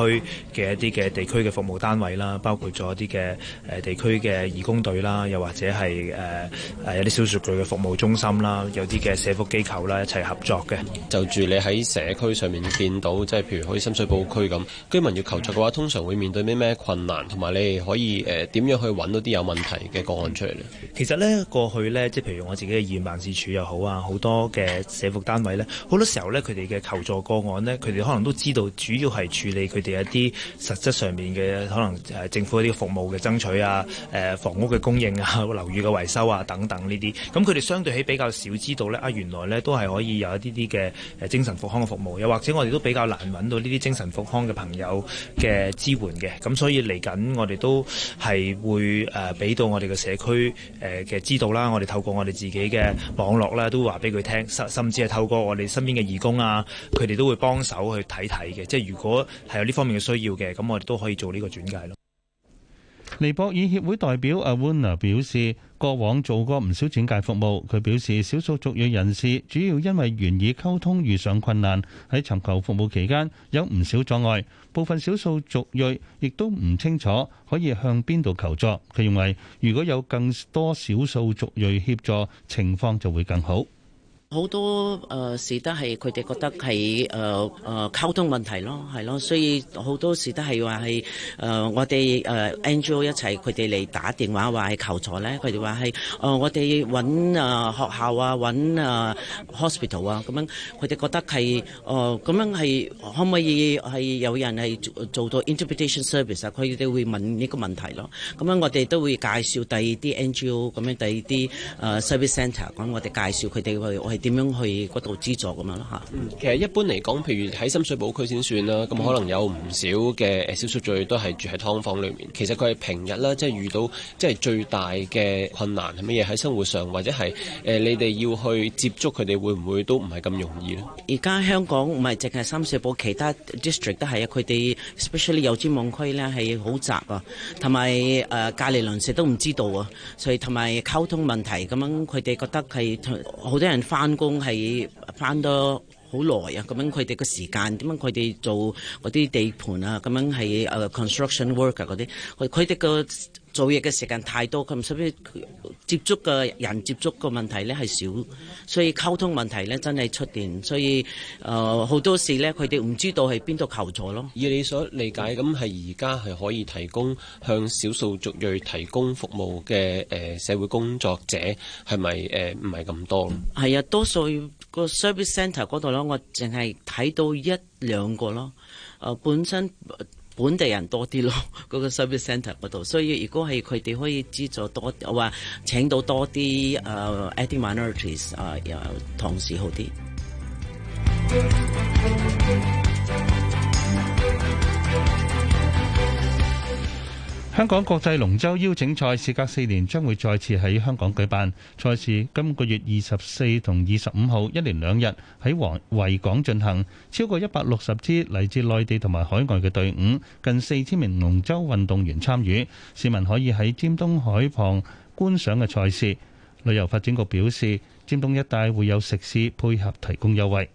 嘅一啲嘅地區嘅服務單位啦，包括咗一啲嘅誒地區嘅義工隊啦，又或者係誒。誒有啲小數據嘅服務中心啦，有啲嘅社服機構啦，一齊合作嘅。就住你喺社區上面見到，即係譬如好似深水埗區咁，居民要求助嘅話，通常會面對啲咩困難？同埋你可以誒點、呃、樣去揾到啲有問題嘅個案出嚟咧？其實呢，過去呢，即係譬如我自己嘅議員辦事處又好啊，好多嘅社服單位呢，好多時候呢，佢哋嘅求助個案呢，佢哋可能都知道，主要係處理佢哋一啲實質上面嘅可能政府一啲服務嘅爭取啊，誒、呃、房屋嘅供應啊，樓宇嘅維修，啊。啊！等等呢啲咁，佢哋相對起比較少知道呢。啊！原來呢都係可以有一啲啲嘅誒精神復康嘅服務，又或者我哋都比較難揾到呢啲精神復康嘅朋友嘅支援嘅。咁所以嚟緊，我哋都係會誒俾到我哋嘅社區誒嘅，呃，知道啦。我哋透過我哋自己嘅網絡啦，都話俾佢聽，甚至係透過我哋身邊嘅義工啊，佢哋都會幫手去睇睇嘅。即係如果係有呢方面嘅需要嘅，咁我哋都可以做呢個轉介咯。尼泊爾協會代表阿溫納表示，過往做過唔少轉介服務。佢表示，少數族裔人士主要因為語言溝通遇上困難，喺尋求服務期間有唔少障礙。部分少數族裔亦都唔清楚可以向邊度求助。佢認為，如果有更多少數族裔協助，情況就會更好。好多誒事都係佢哋覺得係誒誒溝通問題咯，係咯，所以好多時都係話係誒我哋誒 NGO 一齊佢哋嚟打電話話係求助咧，佢哋話係誒我哋揾誒學校啊揾誒 hospital 啊咁樣佢哋覺得係誒咁樣係可唔可以係有人係做到 interpretation service 啊？佢哋會問呢個問題咯。咁樣我哋都會介紹第二啲 NGO 咁樣第二啲誒 service centre，e 咁我哋介紹佢哋會我係。點樣去嗰度資助咁樣咯吓嗯，其實一般嚟講，譬如喺深水埗區先算啦，咁可能有唔少嘅誒少數族裔都係住喺劏房裏面。其實佢係平日啦，即係遇到即係最大嘅困難係乜嘢喺生活上，或者係誒、呃、你哋要去接觸佢哋，會唔會都唔係咁容易咧？而家香港唔係淨係深水埗，其他 district 都係啊。佢哋 especially 油尖旺區咧係好窄啊，同埋誒隔離鄰舍都唔知道啊，所以同埋溝通問題咁樣佢哋覺得係好多人翻。分工係翻得好耐啊！咁樣佢哋嘅時間點樣，佢哋做嗰啲地盤啊，咁樣係誒 construction worker 嗰啲，佢佢哋嘅。 做嘢嘅時間太多，咁甚至接觸嘅人接觸嘅問題咧係少，所以溝通問題咧真係出現，所以誒好多時咧佢哋唔知道喺邊度求助咯。以你所理解咁，係而家係可以提供向少數族裔提供服務嘅誒社會工作者係咪誒唔係咁多？係啊，多數個 service centre 嗰度咯，我淨係睇到一兩個咯。誒本身。本地人多啲咯，嗰個 service center 度，所以如果係佢哋可以資助多，我話請到多啲誒 administrators 啊，有同事好啲。香港國際龍舟邀請賽事隔四年將會再次喺香港舉辦。賽事今個月二十四同二十五號一連兩日喺黃維港進行，超過一百六十支嚟自內地同埋海外嘅隊伍，近四千名龍舟運動員參與。市民可以喺尖東海旁觀賞嘅賽事。旅遊發展局表示，尖東一帶會有食肆配合提供優惠。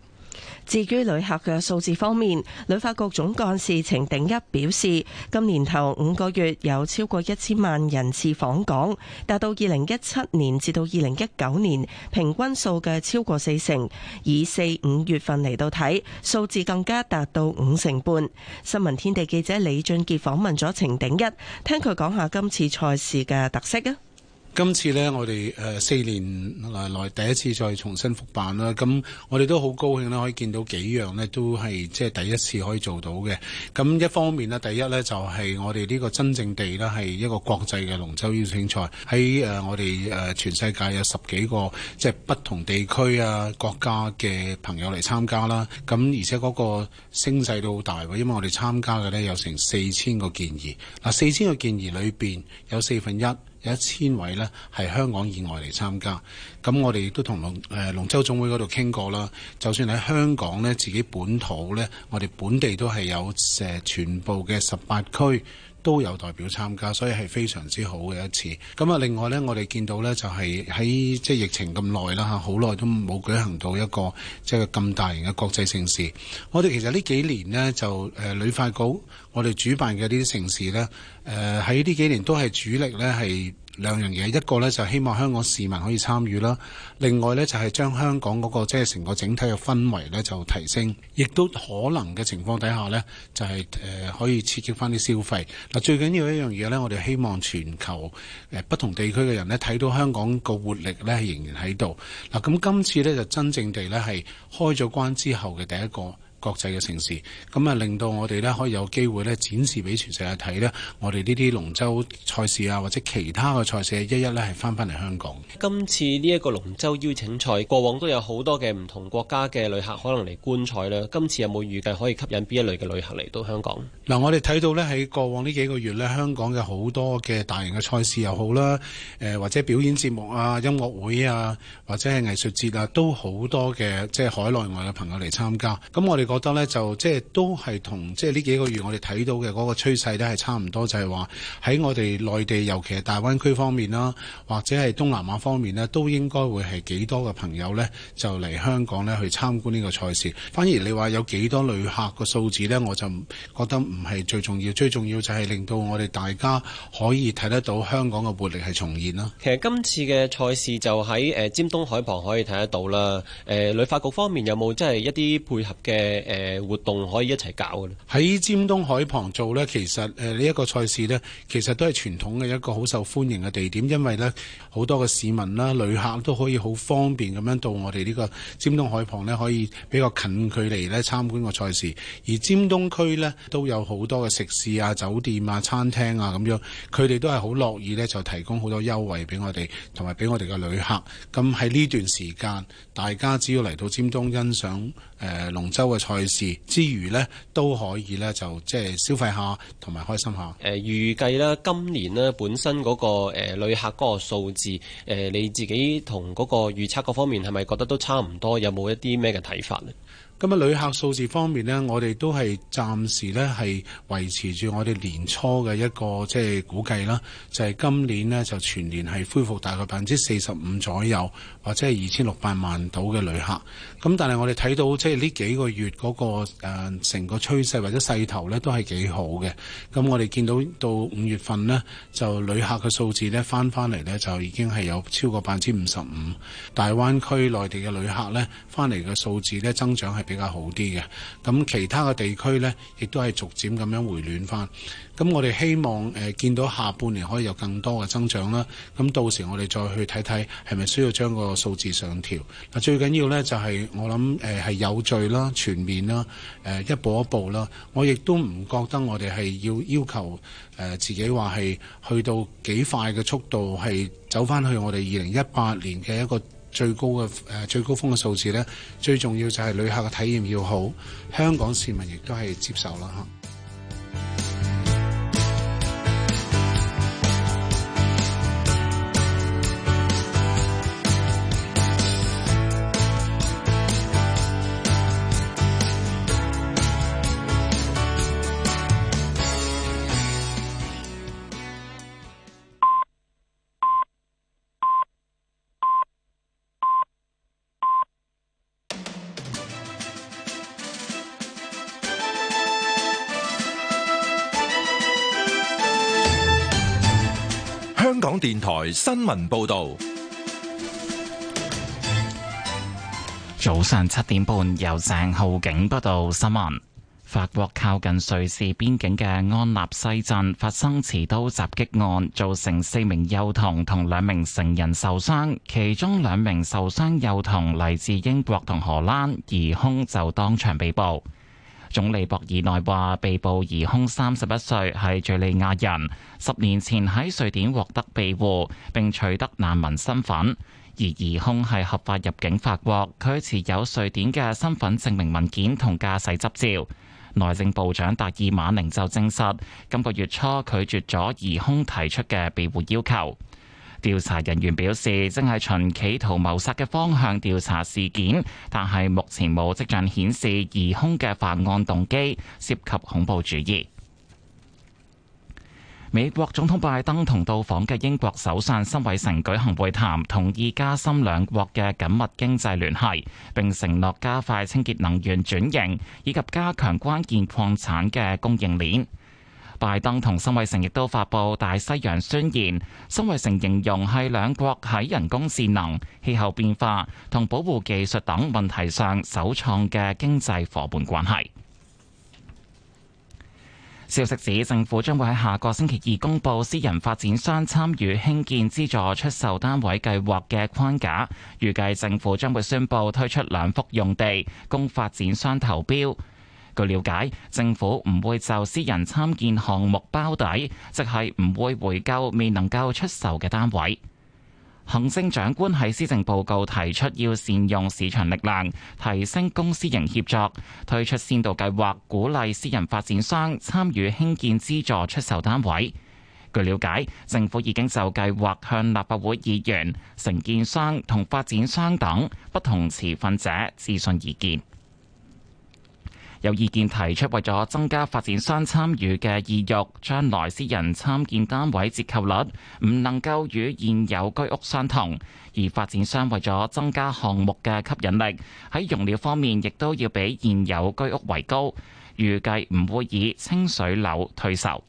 至於旅客嘅數字方面，旅發局總幹事程鼎一表示，今年頭五個月有超過一千萬人次訪港，達到二零一七年至到二零一九年平均數嘅超過四成。以四五月份嚟到睇，數字更加達到五成半。新聞天地記者李俊傑訪問咗程鼎一，聽佢講下今次賽事嘅特色啊！今次呢，我哋誒四年來第一次再重新復辦啦。咁我哋都好高興啦，可以見到幾樣呢都係即係第一次可以做到嘅。咁一方面呢，第一呢就係我哋呢個真正地咧係一個國際嘅龍舟邀請賽，喺誒我哋誒全世界有十幾個即係不同地區啊國家嘅朋友嚟參加啦。咁而且嗰個聲勢都好大喎，因為我哋參加嘅呢有成四千個建議嗱，四千個建議裏邊有四分一。有一千位呢係香港以外嚟參加。咁我哋都同龍誒、呃、龍舟總會嗰度傾過啦。就算喺香港呢，自己本土呢，我哋本地都係有誒、呃、全部嘅十八區。都有代表參加，所以係非常之好嘅一次。咁啊，另外呢，我哋見到呢就係喺即係疫情咁耐啦，嚇，好耐都冇舉行到一個即係咁大型嘅國際盛事。我哋其實呢幾年呢，就誒旅發局我哋主辦嘅呢啲盛事呢，誒喺呢幾年都係主力呢係。兩樣嘢，一個呢就希望香港市民可以參與啦，另外呢、那個，就係將香港嗰個即係成個整體嘅氛圍呢就提升，亦都可能嘅情況底下呢，就係誒可以刺激翻啲消費。嗱，最緊要一樣嘢呢，我哋希望全球誒不同地區嘅人呢睇到香港個活力呢仍然喺度。嗱，咁今次呢，就真正地呢係開咗關之後嘅第一個。國際嘅城市，咁啊令到我哋呢可以有機會呢展示俾全世界睇呢，我哋呢啲龍舟賽事啊，或者其他嘅賽事，一一呢係返返嚟香港。今次呢一個龍舟邀請賽，過往都有好多嘅唔同國家嘅旅客可能嚟觀賽啦。今次有冇預計可以吸引邊一類嘅旅客嚟到香港？嗱、嗯，我哋睇到呢喺過往呢幾個月呢，香港嘅好多嘅大型嘅賽事又好啦，誒或者表演節目啊、音樂會啊，或者係藝術節啊，都好多嘅即係海內外嘅朋友嚟參加。咁、嗯、我哋。覺得呢，就即係都係同即係呢幾個月我哋睇到嘅嗰個趨勢都係差唔多，就係話喺我哋內地，尤其係大灣區方面啦，或者係東南亞方面呢，都應該會係幾多嘅朋友呢就嚟香港呢去參觀呢個賽事。反而你話有幾多旅客個數字呢，我就覺得唔係最重要，最重要就係令到我哋大家可以睇得到香港嘅活力係重現啦。其實今次嘅賽事就喺誒尖東海旁可以睇得到啦。誒、呃、旅發局方面有冇即係一啲配合嘅？誒活動可以一齊搞嘅喺尖東海旁做呢。其實誒呢一個賽事呢，其實都係傳統嘅一個好受歡迎嘅地點，因為呢好多嘅市民啦、旅客都可以好方便咁樣到我哋呢個尖東海旁呢，可以比較近距離呢參觀個賽事。而尖東區呢，都有好多嘅食肆啊、酒店啊、餐廳啊咁樣，佢哋都係好樂意呢，就提供好多優惠俾我哋，同埋俾我哋嘅旅客。咁喺呢段時間，大家只要嚟到尖東欣賞。誒龍舟嘅賽事之餘呢，都可以咧就即係消費下同埋開心下。誒預計咧今年咧本身嗰、嗰個、呃、旅客嗰個數字，誒、呃、你自己同嗰個預測各方面係咪覺得都差唔多？有冇一啲咩嘅睇法咧？咁啊，旅客數字方面咧，我哋都係暫時咧係維持住我哋年初嘅一個即係、就是、估計啦，就係、是、今年咧就全年係恢復大概百分之四十五左右，或者係二千六百萬到嘅旅客。咁但係我哋睇到即係呢幾個月嗰、那個誒成、呃、個趨勢或者勢頭咧都係幾好嘅。咁我哋見到到五月份咧就旅客嘅數字咧翻翻嚟咧就已經係有超過百分之五十五，大灣區內地嘅旅客咧翻嚟嘅數字咧增長係。比較好啲嘅，咁其他嘅地區咧，亦都係逐漸咁樣回暖翻。咁我哋希望誒、呃、見到下半年可以有更多嘅增長啦。咁到時，我哋再去睇睇，係咪需要將個數字上調？嗱、就是，最緊要咧就係我諗誒，係、呃、有序啦、全面啦、誒、呃，一步一步啦。我亦都唔覺得我哋係要要求誒、呃、自己話，係去到幾快嘅速度係走翻去我哋二零一八年嘅一個。最高嘅、呃、最高峰嘅數字呢，最重要就係旅客嘅體驗要好，香港市民亦都係接受啦嚇。電台新聞報道：早上七點半，由鄭浩景報道新聞。法國靠近瑞士邊境嘅安納西鎮發生持刀襲擊案，造成四名幼童同兩名成人受傷，其中兩名受傷幼童嚟自英國同荷蘭，疑兇就當場被捕。總理博爾內話：被捕疑兇三十一歲，係敍利亞人，十年前喺瑞典獲得庇護並取得難民身份，而疑兇係合法入境法國，佢持有瑞典嘅身份證明文件同駕駛執照。內政部長達爾馬寧就證實，今個月初拒絕咗疑兇提出嘅庇護要求。調查人員表示，正係循企圖謀殺嘅方向調查事件，但係目前冇跡象顯示疑兇嘅犯案動機涉及恐怖主義。美國總統拜登同到訪嘅英國首相辛偉誠舉行會談，同意加深兩國嘅緊密經濟聯繫，並承諾加快清潔能源轉型，以及加強關鍵礦產嘅供應鏈。拜登同辛偉誠亦都發布大西洋宣言，辛偉誠形容係兩國喺人工智能、氣候變化同保護技術等問題上首創嘅經濟夥伴關係。消息 指政府將會喺下個星期二公布私人發展商參與興建資助出售單位計劃嘅框架，預計政府將會宣布推出兩幅用地供發展商投標。據了解，政府唔會就私人參建項目包底，即係唔會回購未能夠出售嘅單位。行政長官喺施政報告提出要善用市場力量，提升公私營協作，推出先導計劃，鼓勵私人發展商參與興建資助出售單位。據了解，政府已經就計劃向立法會議員、承建商同發展商等不同持份者諮詢意見。有意見提出，為咗增加發展商參與嘅意欲，將來私人參建單位折扣率唔能夠與現有居屋相同，而發展商為咗增加項目嘅吸引力，喺用料方面亦都要比現有居屋為高，預計唔會以清水樓退售。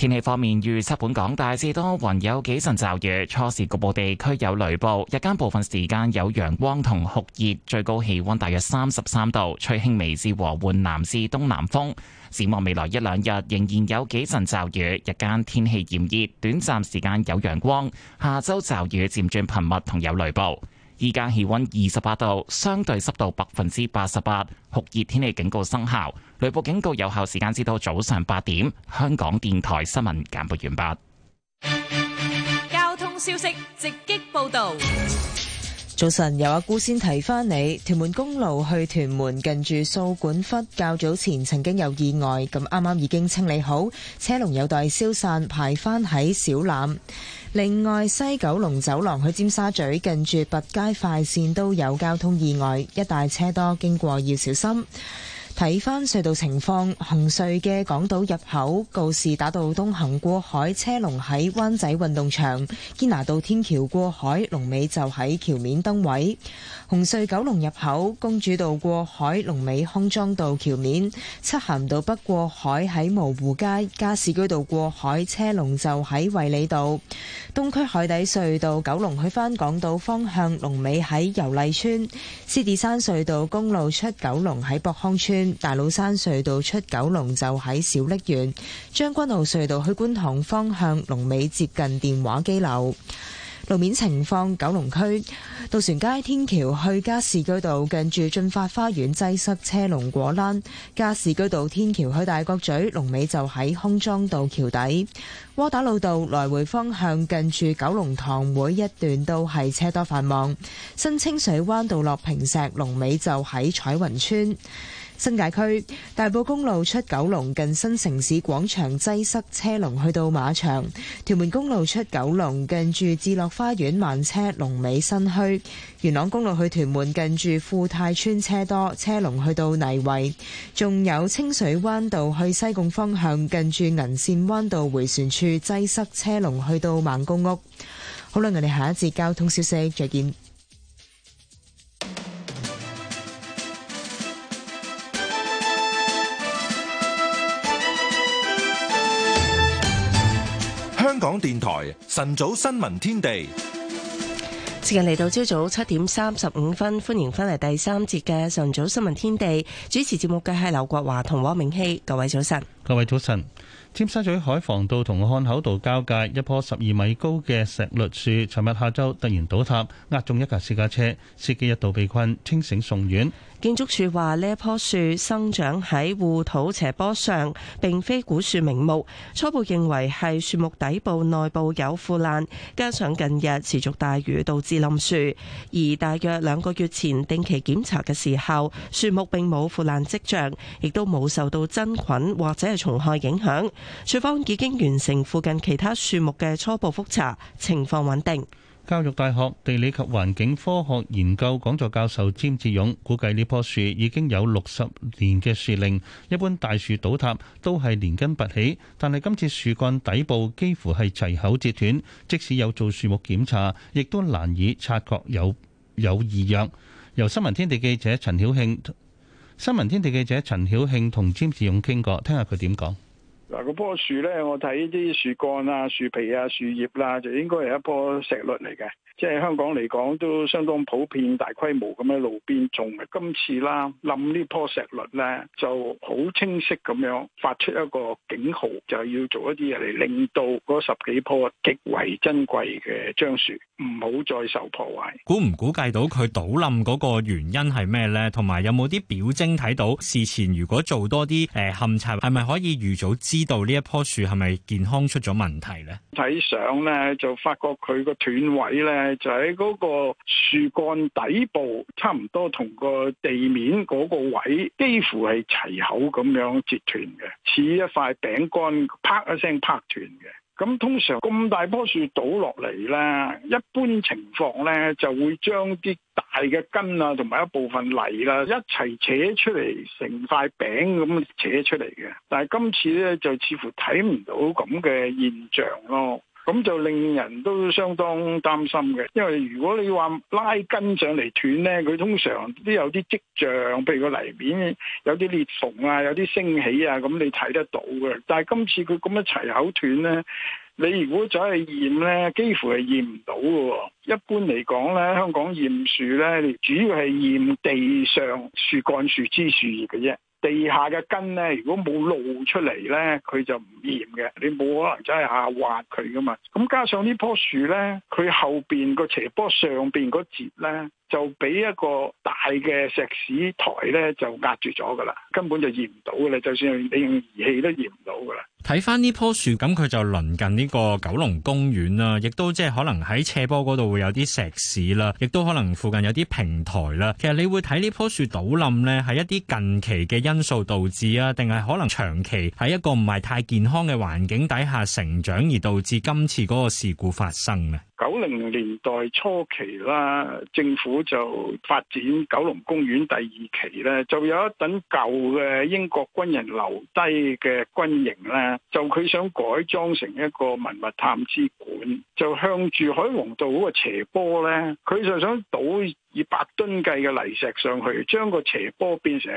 天氣方面，預測本港大致多雲，有幾陣驟雨，初時局部地區有雷暴，日間部分時間有陽光同酷熱，最高氣溫大約三十三度，吹輕微至和緩南至東南風。展望未來一兩日，仍然有幾陣驟雨，日間天氣炎熱，短暫時間有陽光。下周驟雨漸轉頻密，同有雷暴。依家氣溫二十八度，相對濕度百分之八十八，酷熱天氣警告生效，雷暴警告有效時間至到早上八點。香港電台新聞簡報完畢。交通消息直擊報道，早晨，有阿姑先提翻你，屯門公路去屯門近住掃管笏，較早前曾經有意外，咁啱啱已經清理好，車龍有待消散，排翻喺小欖。另外，西九龍走廊去尖沙咀近住拔街快線都有交通意外，一帶車多，經過要小心。睇返，隧道情況，紅隧嘅港島入口告士打道東行過海車龍喺灣仔運動場，堅拿道天橋過海龍尾就喺橋面燈位。紅隧九龍入口公主道過海，龍尾康莊道橋面；漆咸道北過海喺蕪湖街，加士居道過海車龍就喺衛理道。東區海底隧道九龍去翻港島方向，龍尾喺油麗邨；獅子山隧道公路出九龍喺博康村，大老山隧道出九龍就喺小瀝源；將軍澳隧道去觀塘方向，龍尾接近電話機樓。路面情況，九龍區渡船街天橋去加士居道近住進發花園擠塞車龍果欄；加士居道天橋去大角咀龍尾就喺康莊道橋底；窩打老道來回方向近住九龍塘每一段都係車多繁忙；新清水灣道落坪石龍尾就喺彩雲村。新界區大埔公路出九龍近新城市廣場擠塞車龍去到馬場，屯門公路出九龍近住智樂花園慢車龍尾新墟，元朗公路去屯門近住富泰村車多車龍去到泥圍，仲有清水灣道去西貢方向近住銀線灣道迴旋處擠塞車龍去到孟公屋。好啦，我哋下一節交通消息，再見。香港電台晨早新聞天地，時間嚟到朝早七點三十五分，歡迎翻嚟第三節嘅晨早新聞天地，主持節目嘅係劉國華同汪明熙，各位早晨，各位早晨。尖沙咀海防道同漢口道交界，一棵十二米高嘅石栗樹，尋日下晝突然倒塌，壓中一架私家車，司機一度被困，清醒送院。建築署話呢棵樹生長喺護土斜坡上，並非古樹名木。初步認為係樹木底部內部有腐爛，加上近日持續大雨導致冧樹。而大約兩個月前定期檢查嘅時候，樹木並冇腐爛跡象，亦都冇受到真菌或者係蟲害影響。署方已經完成附近其他樹木嘅初步覆查，情況穩定。教育大學地理及環境科學研究講座教授詹志勇估計呢棵樹已經有六十年嘅樹齡。一般大樹倒塌都係連根拔起，但係今次樹幹底部幾乎係齊口截斷，即使有做樹木檢查，亦都難以察覺有有異樣。由新聞天地記者陳曉慶，新聞天地記者陳曉慶同詹志勇傾過，聽下佢點講。嗱，個棵樹咧，我睇啲樹幹啊、樹皮啊、樹葉啦，就應該係一棵石栗嚟嘅。即係香港嚟講都相當普遍，大規模咁喺路邊種嘅。今次啦，冧呢棵石栗咧，就好清晰咁樣發出一個警號，就係要做一啲嘢嚟令到嗰十幾棵極為珍貴嘅樟樹唔好再受破壞，估唔估計到佢倒冧嗰個原因係咩咧？同埋有冇啲表徵睇到事前如果做多啲誒勘察，係、呃、咪可以預早知？呢度呢一棵樹係咪健康出咗問題咧？睇相咧，就發覺佢個斷位咧就喺嗰個樹幹底部，差唔多同個地面嗰個位幾乎係齊口咁樣截斷嘅，似一塊餅乾，啪一聲啪斷嘅。咁通常咁大棵樹倒落嚟咧，一般情況咧就會將啲大嘅根啊，同埋一部分泥啦，一齊扯出嚟，成塊餅咁扯出嚟嘅。但係今次咧就似乎睇唔到咁嘅現象咯。咁就令人都相當擔心嘅，因為如果你話拉根上嚟斷呢，佢通常都有啲跡象，譬如個泥面有啲裂縫啊，有啲升起啊，咁你睇得到嘅。但係今次佢咁一齊口斷呢，你如果走去驗呢，幾乎係驗唔到㗎。一般嚟講呢，香港驗樹呢，主要係驗地上樹幹、樹枝、樹葉嘅啫。地下嘅根咧，如果冇露出嚟咧，佢就唔嚴嘅。你冇可能真係下挖佢噶嘛。咁加上棵呢棵樹咧，佢後邊個斜坡上邊嗰節咧。就俾一個大嘅石屎台咧，就壓住咗噶啦，根本就驗唔到噶啦。就算你用儀器都驗唔到噶啦。睇返呢棵樹，咁佢就鄰近呢個九龍公園啦，亦都即係可能喺斜坡嗰度會有啲石屎啦，亦都可能附近有啲平台啦。其實你會睇呢棵樹倒冧咧，係一啲近期嘅因素導致啊，定係可能長期喺一個唔係太健康嘅環境底下成長而導致今次嗰個事故發生咧？九零年代初期啦，政府。就發展九龍公園第二期咧，就有一等舊嘅英國軍人留低嘅軍營咧，就佢想改裝成一個文物探知館，就向住海王道嗰個斜坡咧，佢就想倒。以百噸計嘅泥石上去，將個斜坡變成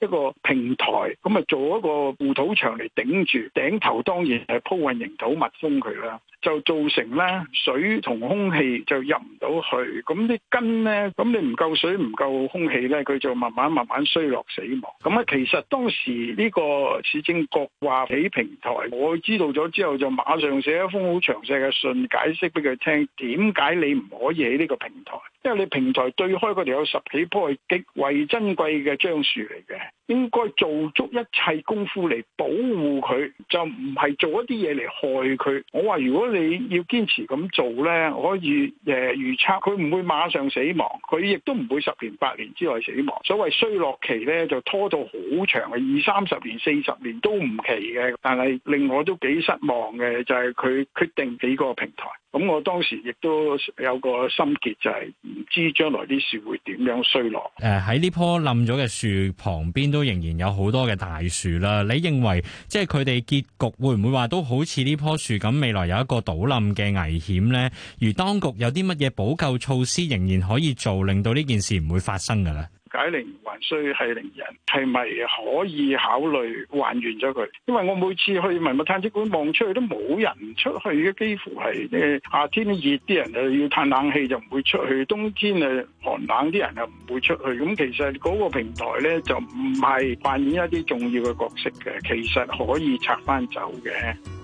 一個平台，咁啊做一個護土牆嚟頂住，頂頭當然係鋪混凝土密封佢啦，就造成咧水同空氣就入唔到去，咁啲根咧，咁你唔夠水唔夠空氣咧，佢就慢慢慢慢衰落死亡。咁啊，其實當時呢個市政局話起平台，我知道咗之後就馬上寫一封好詳細嘅信解釋俾佢聽，點解你唔可以喺呢個平台？因為你平台對開嗰條有十幾棵係極為珍貴嘅樟樹嚟嘅，應該做足一切功夫嚟保護佢，就唔係做一啲嘢嚟害佢。我話如果你要堅持咁做呢，我可以誒預測佢唔會馬上死亡，佢亦都唔會十年八年之內死亡。所謂衰落期呢，就拖到好長，二三十年、四十年都唔奇嘅。但係令我都幾失望嘅就係、是、佢決定幾個平台。咁、嗯、我當時亦都有個心結，就係、是、唔知將來啲樹會點樣衰落。誒、呃，喺呢棵冧咗嘅樹旁邊都仍然有好多嘅大樹啦。你認為即係佢哋結局會唔會話都好似呢棵樹咁，未來有一個倒冧嘅危險呢？而當局有啲乜嘢補救措施仍然可以做，令到呢件事唔會發生噶啦？解鈴還需繫鈴人，係咪可以考慮還原咗佢？因為我每次去文物探知館望出去都冇人出去嘅，幾乎係呢，夏天熱啲人就要嘆冷氣就唔會出去，冬天啊，寒冷啲人又唔會出去。咁其實嗰個平台咧就唔係扮演一啲重要嘅角色嘅，其實可以拆翻走嘅。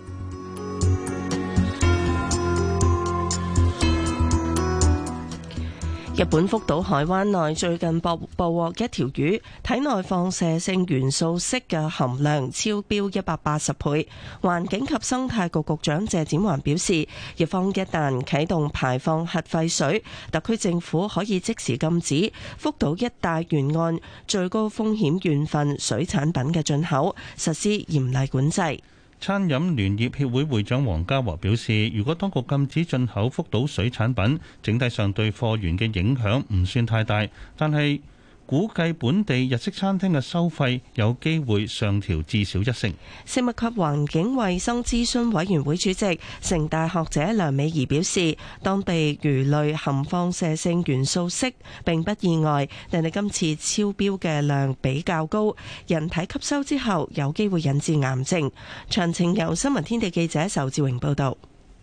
日本福島海灣內最近捕捕獲一條魚，體內放射性元素銫嘅含量超標一百八十倍。環境及生態局局長謝展環表示，日方一旦啟動排放核廢水，特區政府可以即時禁止福島一帶沿岸最高風險縣份水產品嘅進口，實施嚴厲管制。餐飲聯業協會會長黃家和表示，如果當局禁止進口福島水產品，整體上對貨源嘅影響唔算太大，但係，估計本地日式餐廳嘅收費有機會上調至少一成。食物及環境衛生諮詢委員會主席、城大學者梁美儀表示，當地魚類含放射性元素銫，並不意外，但係今次超標嘅量比較高，人體吸收之後有機會引致癌症。詳情由新聞天地記者仇志榮報道。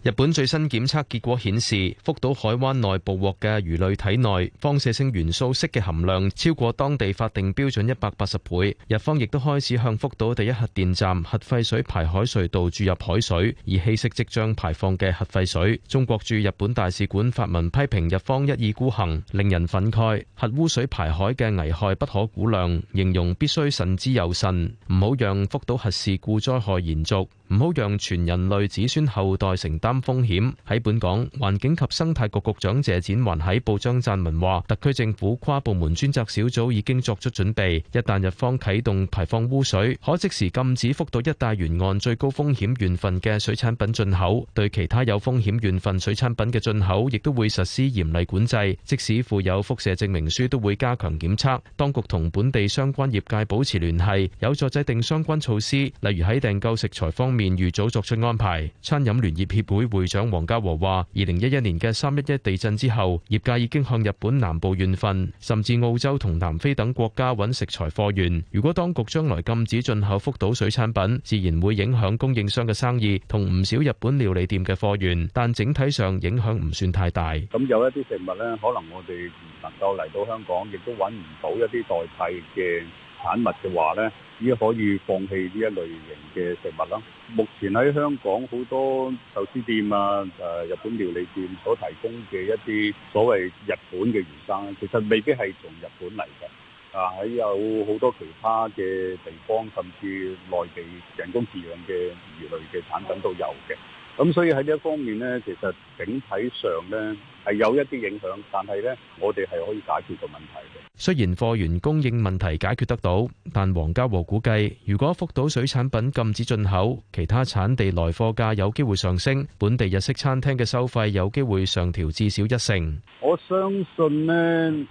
日本最新檢測結果顯示，福島海灣內捕獲嘅魚類體內放射性元素銫嘅含量超過當地法定標準一百八十倍。日方亦都開始向福島第一核電站核廢水排海隧道注入海水，以稀釋即將排放嘅核廢水。中國駐日本大使館發文批評日方一意孤行，令人憤慨。核污水排海嘅危害不可估量，形容必須慎之又慎，唔好讓福島核事故災害延續。唔好讓全人類子孫後代承擔風險。喺本港，環境及生態局局長謝展寰喺報章撰文話特區政府跨部門專責小組已經作出準備，一旦日方啟動排放污水，可即時禁止福島一帶沿岸最高風險縣份嘅水產品進口，對其他有風險縣份水產品嘅進口，亦都會實施嚴厲管制。即使附有輻射證明書都會加強檢測，當局同本地相關業界保持聯繫有助制定相關措施，例如喺訂購食材方面。便預早作出安排。餐飲聯業協會會長黃家和話，二零一一年嘅三一一地震之後業界已經向日本南部縣份，甚至澳洲同南非等國家揾食材貨源。如果當局將來禁止進口福島水產品，自然會影響供應商嘅生意同唔少日本料理店嘅貨源。但整體上影響唔算太大。咁有一啲食物咧，可能我哋唔能夠嚟到香港，亦都揾唔到一啲代替嘅產物嘅話咧。依可以放棄呢一類型嘅食物啦。目前喺香港好多壽司店啊、誒日本料理店所提供嘅一啲所謂日本嘅魚生，其實未必係從日本嚟嘅。啊，喺有好多其他嘅地方，甚至內地人工飼養嘅魚類嘅產品都有嘅。咁所以喺呢一方面咧，其實整體上咧係有一啲影響，但係咧我哋係可以解決個問題嘅。雖然貨源供應問題解決得到，但黃家和估計，如果福島水產品禁止進口，其他產地來貨價有機會上升，本地日式餐廳嘅收費有機會上調至少一成。我相信咧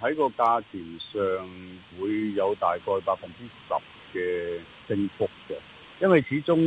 喺個價錢上會有大概百分之十嘅升幅嘅。因為始終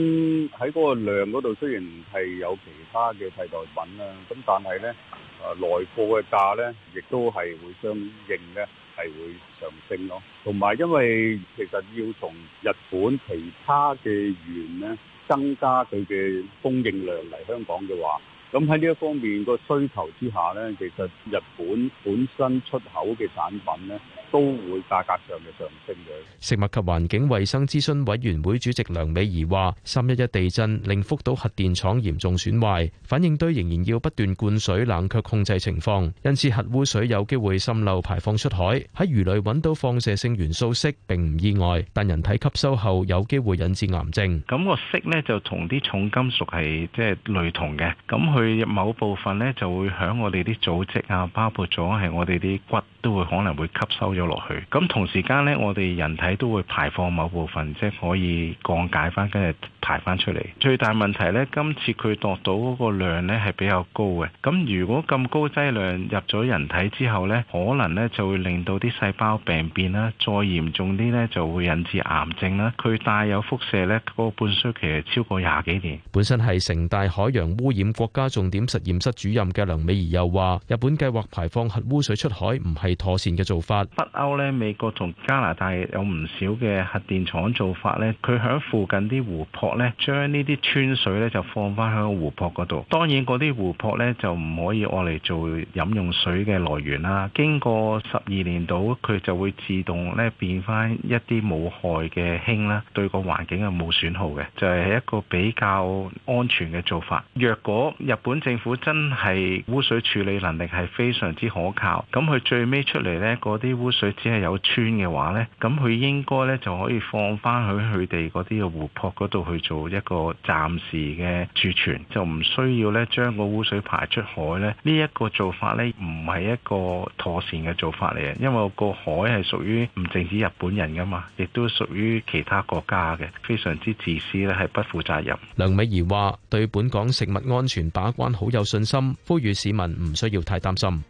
喺嗰個量嗰度，雖然係有其他嘅替代品啦，咁但係呢，啊內貨嘅價呢，亦、呃、都係會相應呢，係會上升咯。同埋因為其實要從日本其他嘅源呢，增加佢嘅供應量嚟香港嘅話。咁喺呢一方面個需求之下咧，其實日本本身出口嘅產品咧，都會價格上嘅上升嘅。食物及環境衞生諮詢委員會主席梁美儀話：三一一地震令福島核電廠嚴重損壞，反應堆仍然要不斷灌水冷卻控制情況，因此核污水有機會滲漏排放出海。喺魚類揾到放射性元素銫並唔意外，但人體吸收後有機會引致癌症。咁個銫咧就同啲重金屬係即係類同嘅，咁佢。佢入某部分呢，就會響我哋啲組織啊，包括咗係我哋啲骨都會可能會吸收咗落去。咁同時間呢，我哋人體都會排放某部分，即係可以降解翻，跟住排翻出嚟。最大問題呢，今次佢度到嗰個量呢係比較高嘅。咁如果咁高劑量入咗人體之後呢，可能呢就會令到啲細胞病變啦，再嚴重啲呢就會引致癌症啦。佢帶有輻射呢，嗰個半衰期係超過廿幾年。本身係成大海洋污染國家。重點實驗室主任嘅梁美儀又話：日本計劃排放核污水出海唔係妥善嘅做法。北歐咧，美國同加拿大有唔少嘅核電廠做法咧，佢響附近啲湖泊咧，將呢啲氚水咧就放翻喺個湖泊嗰度。當然嗰啲湖泊咧就唔可以攞嚟做飲用水嘅來源啦。經過十二年到，佢就會自動咧，變翻一啲冇害嘅氫啦，對個環境係冇損耗嘅，就係、是、一個比較安全嘅做法。若果日本政府真係污水處理能力係非常之可靠，咁佢最尾出嚟咧，嗰啲污水只係有穿嘅話咧，咁佢應該咧就可以放翻去佢哋嗰啲嘅湖泊嗰度去做一個暫時嘅儲存，就唔需要咧將個污水排出海咧。呢、這、一個做法咧唔係一個妥善嘅做法嚟嘅，因為個海係屬於唔淨止日本人噶嘛，亦都屬於其他國家嘅，非常之自私咧，係不負責任。梁美儀話對本港食物安全把關好有信心，呼籲市民唔需要太擔心。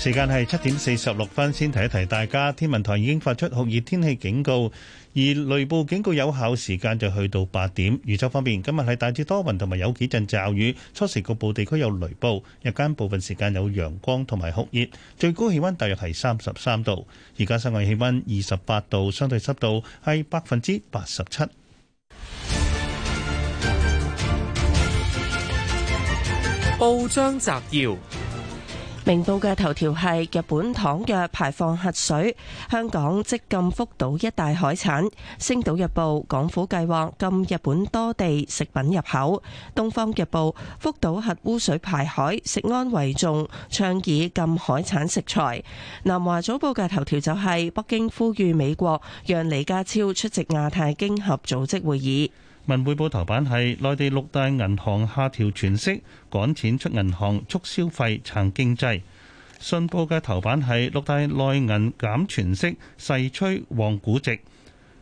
時間係七點四十六分，先提一提大家。天文台已經發出酷熱天氣警告，而雷暴警告有效時間就去到八點。預測方面，今日係大致多雲同埋有幾陣驟雨，初時局部地區有雷暴，日間部分時間有陽光同埋酷熱，最高氣温大約係三十三度。而家室外氣温二十八度，相對濕度係百分之八十七。報章摘要。明報嘅頭條係日本倘若排放核水，香港即禁福島一帶海產。星島日報，港府計劃禁日本多地食品入口。東方日報，福島核污水排海，食安為重，倡議禁海產食材。南華早報嘅頭條就係北京呼籲美國讓李家超出席亞太經合組織會議。文匯報頭版係內地六大銀行下調存息，趕錢出銀行促消費、撐經濟。信報嘅頭版係六大內銀減存息，勢催旺估值。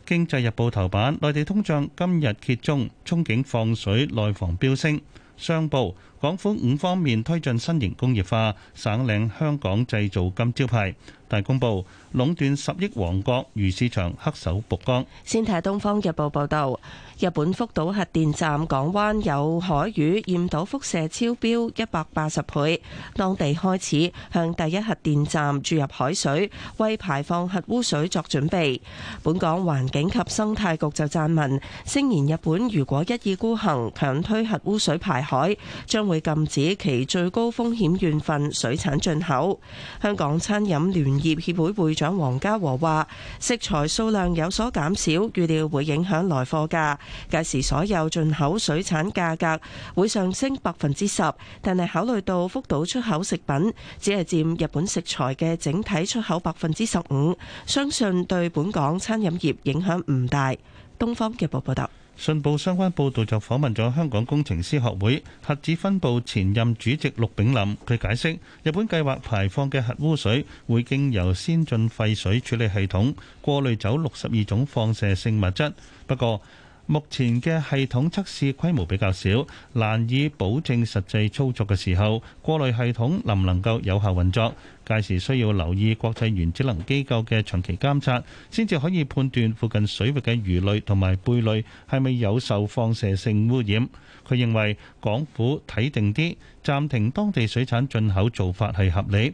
經濟日報頭版，內地通脹今日揭盅，憧憬放水，內房飆升。商報，港府五方面推進新型工業化，省領香港製造金招牌。大公報，壟斷十億王國，魚市場黑手曝光。先睇《東方日報》報道。日本福島核電站港灣有海魚驗到輻射超標一百八十倍，當地開始向第一核電站注入海水，為排放核污水作準備。本港環境及生態局就撰文聲言日本如果一意孤行強推核污水排海，將會禁止其最高風險縣份水產進口。香港餐飲聯業協會會長黃家和話：食材數量有所減少，預料會影響來貨價。屆時，所有進口水產價格會上升百分之十，但係考慮到福島出口食品只係佔日本食材嘅整體出口百分之十五，相信對本港餐飲業影響唔大。東方日報報道，信報相關報導就訪問咗香港工程師學會核子分部前任主席陸炳林，佢解釋日本計劃排放嘅核污水會經由先進廢水處理系統過濾走六十二種放射性物質，不過，目前嘅系統測試規模比較少，難以保證實際操作嘅時候，過濾系統能唔能夠有效運作，屆時需要留意國際原子能機構嘅長期監察，先至可以判斷附近水域嘅魚類同埋貝類係咪有受放射性污染。佢認為港府睇定啲暫停當地水產進口做法係合理。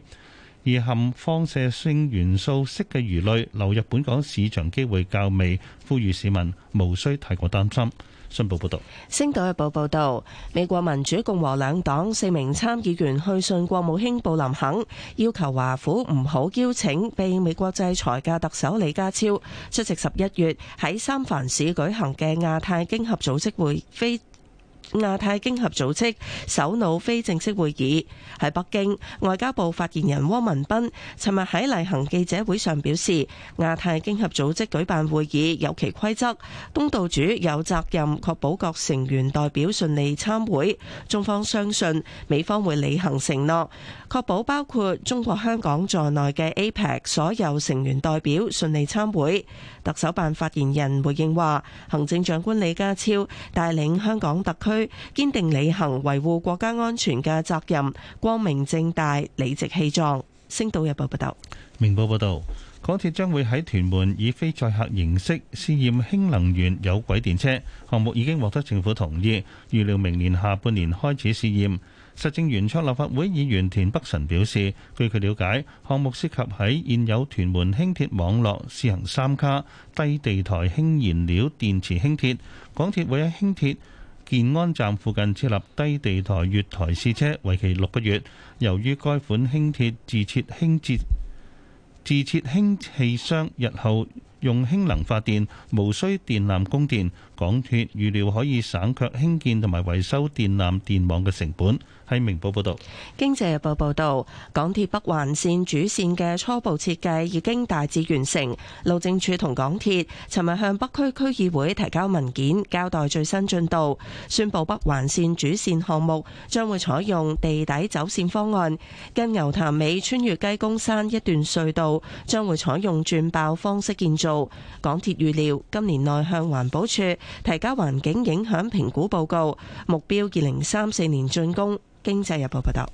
而含放射性元素式嘅魚類流入本港市場機會較微，呼籲市民無需太過擔心。信報報導，星島日報報導，美國民主共和兩黨四名參議員去信國務卿布林肯，要求華府唔好邀請被美國制裁嘅特首李家超出席十一月喺三藩市舉行嘅亞太經合組織會飛亞太經合組織首腦非正式會議喺北京，外交部發言人汪文斌尋日喺例行記者會上表示，亞太經合組織舉辦會議有其規則，東道主有責任確保各成員代表順利參會，中方相信美方會履行承諾。確保包括中國香港在內嘅 APEC 所有成員代表順利參會。特首辦發言人回應話：行政長官李家超帶領香港特區堅定履行維護國家安全嘅責任，光明正大、理直氣壯。星島日報報道。明報報道，港鐵將會喺屯門以非載客形式試驗氫能源有軌電車項目，已經獲得政府同意，預料明年下半年開始試驗。實政圓桌立法會議員田北辰表示，據佢了解，項目涉及喺現有屯門輕鐵網絡試行三卡低地台氫燃料電池輕鐵，港鐵會喺輕鐵建安站附近設立低地台月台試車，為期六個月。由於該款輕鐵自設輕節自，自設氫氣箱，日後用氫能發電，無需電纜供電，港鐵預料可以省卻興建同埋維修電纜電網嘅成本。《明報》報道，《經濟日報》報道，港鐵北環綫主綫嘅初步設計已經大致完成。路政署同港鐵尋日向北區區議會提交文件，交代最新進度，宣布北環綫主綫項目將會採用地底走綫方案，跟牛潭尾穿越雞公山一段隧道將會採用鑽爆方式建造。港鐵預料今年內向環保署提交環境影響評估報，報告，目標二零三四年竣工。經濟日報報道，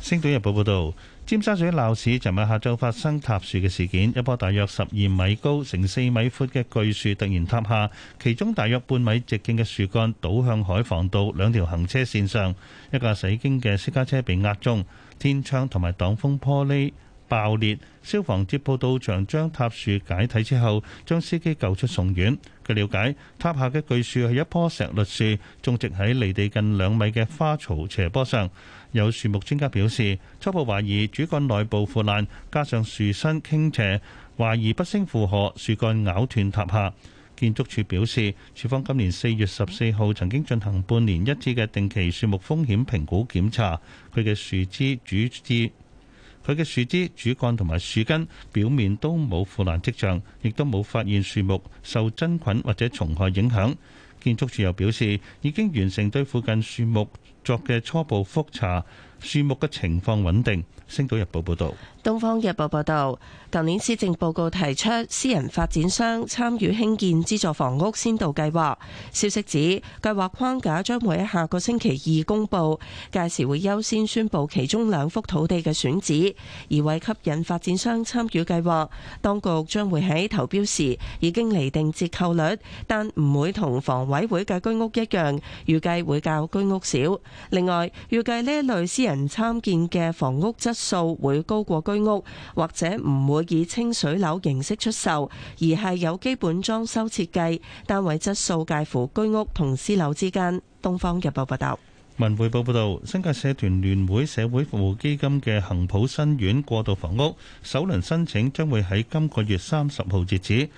星島日報報道，尖沙咀鬧市，尋日下晝發生塌樹嘅事件，一棵大約十二米高、成四米闊、嘅巨樹突然塌下，其中大約半米直徑嘅樹幹倒向海防道兩條行車線上，一架駛經嘅私家車被壓中，天窗同埋擋風玻璃爆裂！消防接報到場，將塌樹解體之後，將司機救出送院。據了解，塌下嘅巨樹係一棵石栗樹，種植喺離地近兩米嘅花槽斜坡上。有樹木專家表示，初步懷疑主幹內部腐爛，加上樹身傾斜，懷疑不勝負荷，樹幹咬斷塌下。建築署表示，署方今年四月十四號曾經進行半年一次嘅定期樹木風險評估檢查，佢嘅樹枝主枝。佢嘅樹枝、主幹同埋樹根表面都冇腐爛跡象，亦都冇發現樹木受真菌或者蟲害影響。建築署又表示，已經完成對附近樹木作嘅初步覆查。樹木嘅情況穩定。星島日報報道，東方日報報道，舊年施政報告提出私人發展商參與興建資助房屋先導計劃，消息指，計劃框架將會喺下個星期二公布，屆時會優先宣布其中兩幅土地嘅選址。而為吸引發展商參與計劃，當局將會喺投標時已經釐定折扣率，但唔會同房委會嘅居屋一樣，預計會較居屋少。另外，預計呢一類私人人參建嘅房屋質素會高過居屋，或者唔會以清水樓形式出售，而係有基本裝修設計，單位質素介乎居屋同私樓之間。《東方日報》報道，《文匯報》報道，新界社團聯會社會服務基金嘅恆普新苑過渡房屋首輪申請將會喺今個月三十號截止。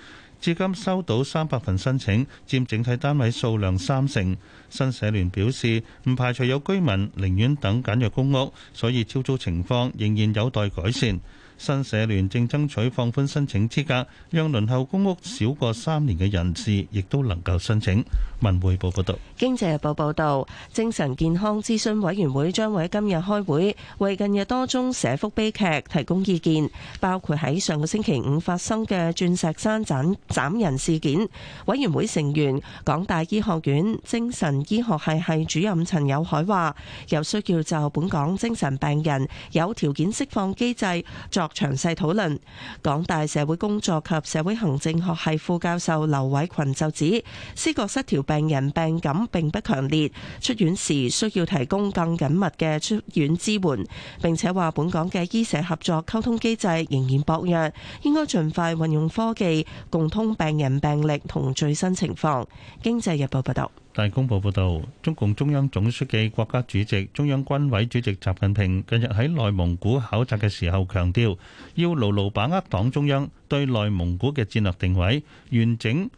至今收到三百份申請，佔整體單位數量三成。新社聯表示，唔排除有居民寧願等簡約公屋，所以招租情況仍然有待改善。新社聯正爭取放寬申請資格，讓輪候公屋少過三年嘅人士亦都能夠申請。文匯報報道：「經濟日報報道精神健康諮詢委員會將會今日開會，為近日多宗社福悲劇提供意見，包括喺上個星期五發生嘅鑽石山斬斬人事件。委員會成員港大醫學院精神醫學系系主任陳友凱話，有需要就本港精神病人有條件釋放機制作，詳細討論，港大社會工作及社會行政學系副教授劉偉群就指，思覺失調病人病感並不強烈，出院時需要提供更緊密嘅出院支援，並且話本港嘅醫社合作溝通機制仍然薄弱，應該盡快運用科技共通病人病歷同最新情況。經濟日報報道。大公報報導，中共中央總書記、國家主席、中央軍委主席習近平近日喺內蒙古考察嘅時候強調，要牢牢把握黨中央對內蒙古嘅戰略定位，完整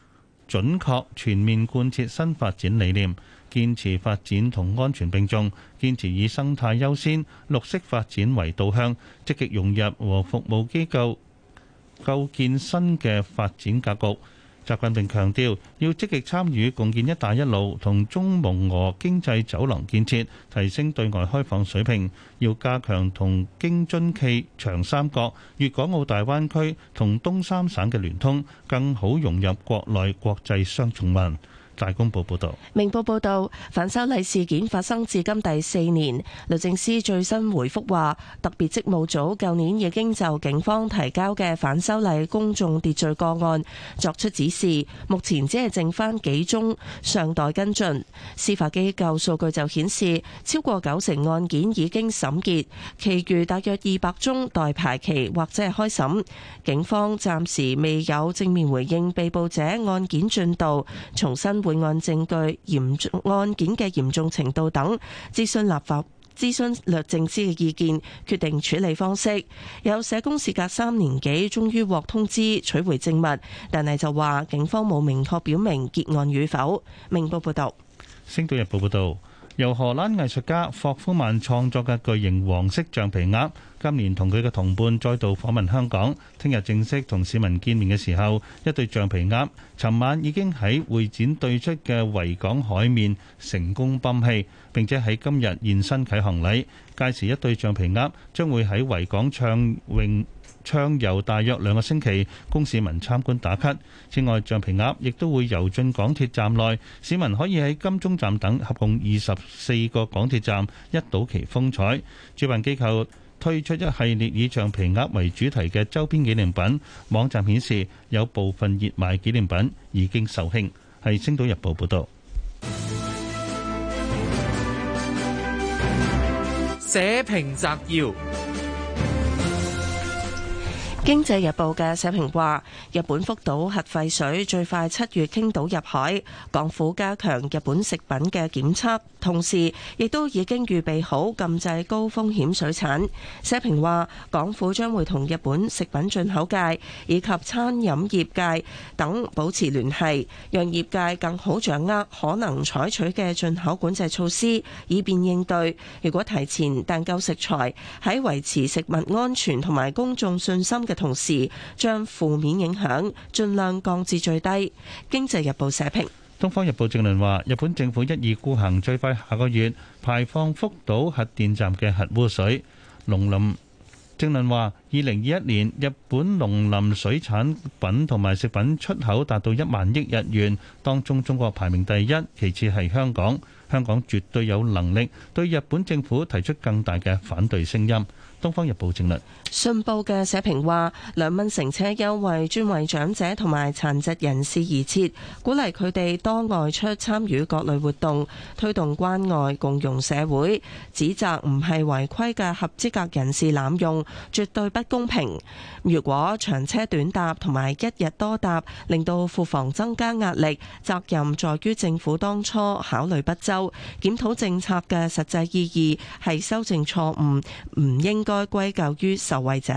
準確全面貫徹新發展理念，堅持發展同安全並重，堅持以生態優先、綠色發展為導向，積極融入和服務機構，構建新嘅發展格局。習近平強調，要積極參與共建“一帶一路”同中蒙俄經濟走廊建設，提升對外開放水平；要加強同京津冀、長三角、粵港澳大灣區同東三省嘅聯通，更好融入國內國際雙循環。大公報報道，明報報道，反修例事件發生至今第四年，律政司最新回覆話，特別職務組舊年已經就警方提交嘅反修例公眾秩序個案作出指示，目前只係剩返幾宗尚待跟進。司法機構數據就顯示，超過九成案件已經審結，其餘大約二百宗待排期或者係開審。警方暫時未有正面回應被捕者案件進度，重新。會按證據、嚴重案件嘅嚴重程度等，諮詢立法、諮詢律政司嘅意見，決定處理方式。有社工事隔三年幾，終於獲通知取回證物，但係就話警方冇明確表明結案與否。明報報道，星島日報報道。由荷蘭藝術家霍夫曼創作嘅巨型黃色橡皮鴨，今年同佢嘅同伴再度訪問香港，聽日正式同市民見面嘅時候，一對橡皮鴨尋晚已經喺會展對出嘅維港海面成功泵氣，並且喺今日現身啟航禮，屆時一對橡皮鴨將會喺維港暢泳。暢遊大約兩個星期，供市民參觀打卡。此外，橡皮鴨亦都會游進港鐵站內，市民可以喺金鐘站等，合共二十四個港鐵站一睹其風采。主辦機構推出一系列以橡皮鴨為主題嘅周邊紀念品，網站顯示有部分熱賣紀念品已經售罄。係《星島日報》報道。社評摘要。經濟日報嘅社評話，日本福島核廢水最快七月傾倒入海，港府加強日本食品嘅檢測，同時亦都已經預備好禁制高風險水產。社評話，港府將會同日本食品進口界以及餐飲業界等保持聯繫，讓業界更好掌握可能採取嘅進口管制措施，以便應對。如果提前訂購食材，喺維持食物安全同埋公眾信心嘅。同時，將負面影響盡量降至最低。經濟日報社評，東方日報正論話：日本政府一意孤行，最快下個月排放福島核電站嘅核污水。農林正論話：二零二一年，日本農林水產品同埋食品出口達到一萬億日元，當中中國排名第一，其次係香港。香港絕對有能力對日本政府提出更大嘅反對聲音。東方日報政論，信報嘅社評話，兩蚊乘車優惠專為長者同埋殘疾人士而設，鼓勵佢哋多外出參與各類活動，推動關愛共融社會，指責唔係違規嘅合資格人士濫用，絕對不公平。如果長車短搭同埋一日多搭，令到庫房增加壓力，責任在於政府當初考慮不周，檢討政策嘅實際意義係修正錯誤，唔應該。該歸咎於受惠者。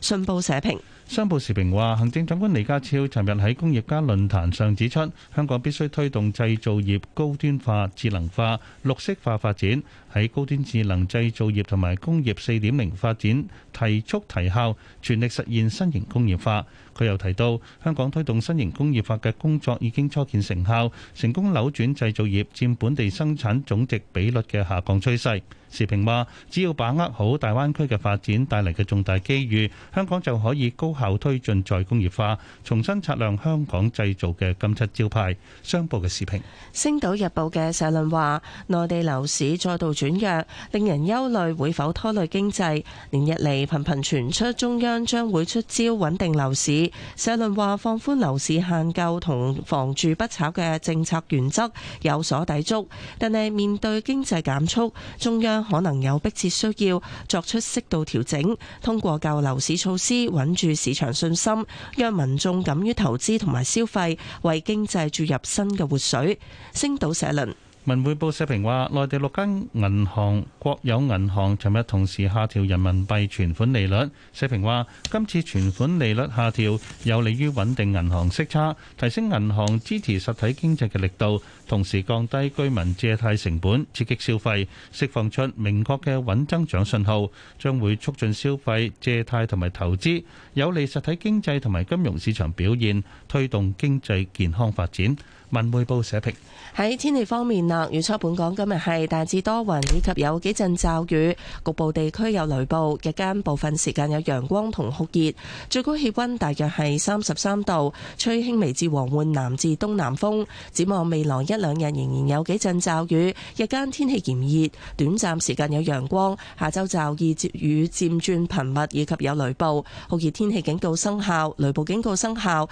信報社評，商報時評話，行政長官李家超尋日喺工業家論壇上指出，香港必須推動製造業高端化、智能化、綠色化發展，喺高端智能製造業同埋工業四點零發展提速提效，全力實現新型工業化。佢又提到，香港推動新型工業化嘅工作已經初見成效，成功扭轉製造業佔本地生產總值比率嘅下降趨勢。時評話，只要把握好大灣區嘅發展帶嚟嘅重大機遇，香港就可以高效推進再工業化，重新擦亮香港製造嘅金字招牌。商報嘅時評。《星島日報》嘅社論話，內地樓市再度轉弱，令人憂慮會否拖累經濟。連日嚟頻頻傳出中央將會出招穩定樓市，社論話放寬樓市限購同房住不炒嘅政策原則有所抵觸，但係面對經濟減速，中央，可能有迫切需要作出適度調整，通過救樓市措施穩住市場信心，讓民眾敢於投資同埋消費，為經濟注入新嘅活水。星島社論。文匯報社評話，內地六間銀行國有銀行尋日同時下調人民幣存款利率。社評話，今次存款利率下調，有利於穩定銀行息差，提升銀行支持實體經濟嘅力度，同時降低居民借貸成本，刺激消費，釋放出明確嘅穩增長信號，將會促進消費、借貸同埋投資，有利實體經濟同埋金融市場表現，推動經濟健康發展。文匯報社評。喺天氣方面啦，預測本港今日係大致多雲，以及有幾陣驟雨，局部地區有雷暴，日間部分時間有陽光同酷熱，最高氣温大約係三十三度，吹輕微至和緩南至東南風。展望未來一兩日仍然有幾陣驟雨，日間天氣炎熱，短暫時間有陽光。下周驟雨漸雨漸轉頻密，以及有雷暴，酷熱天氣警告生效，雷暴警告生效。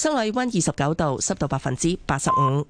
室內溫二十九度，濕度百分之八十五。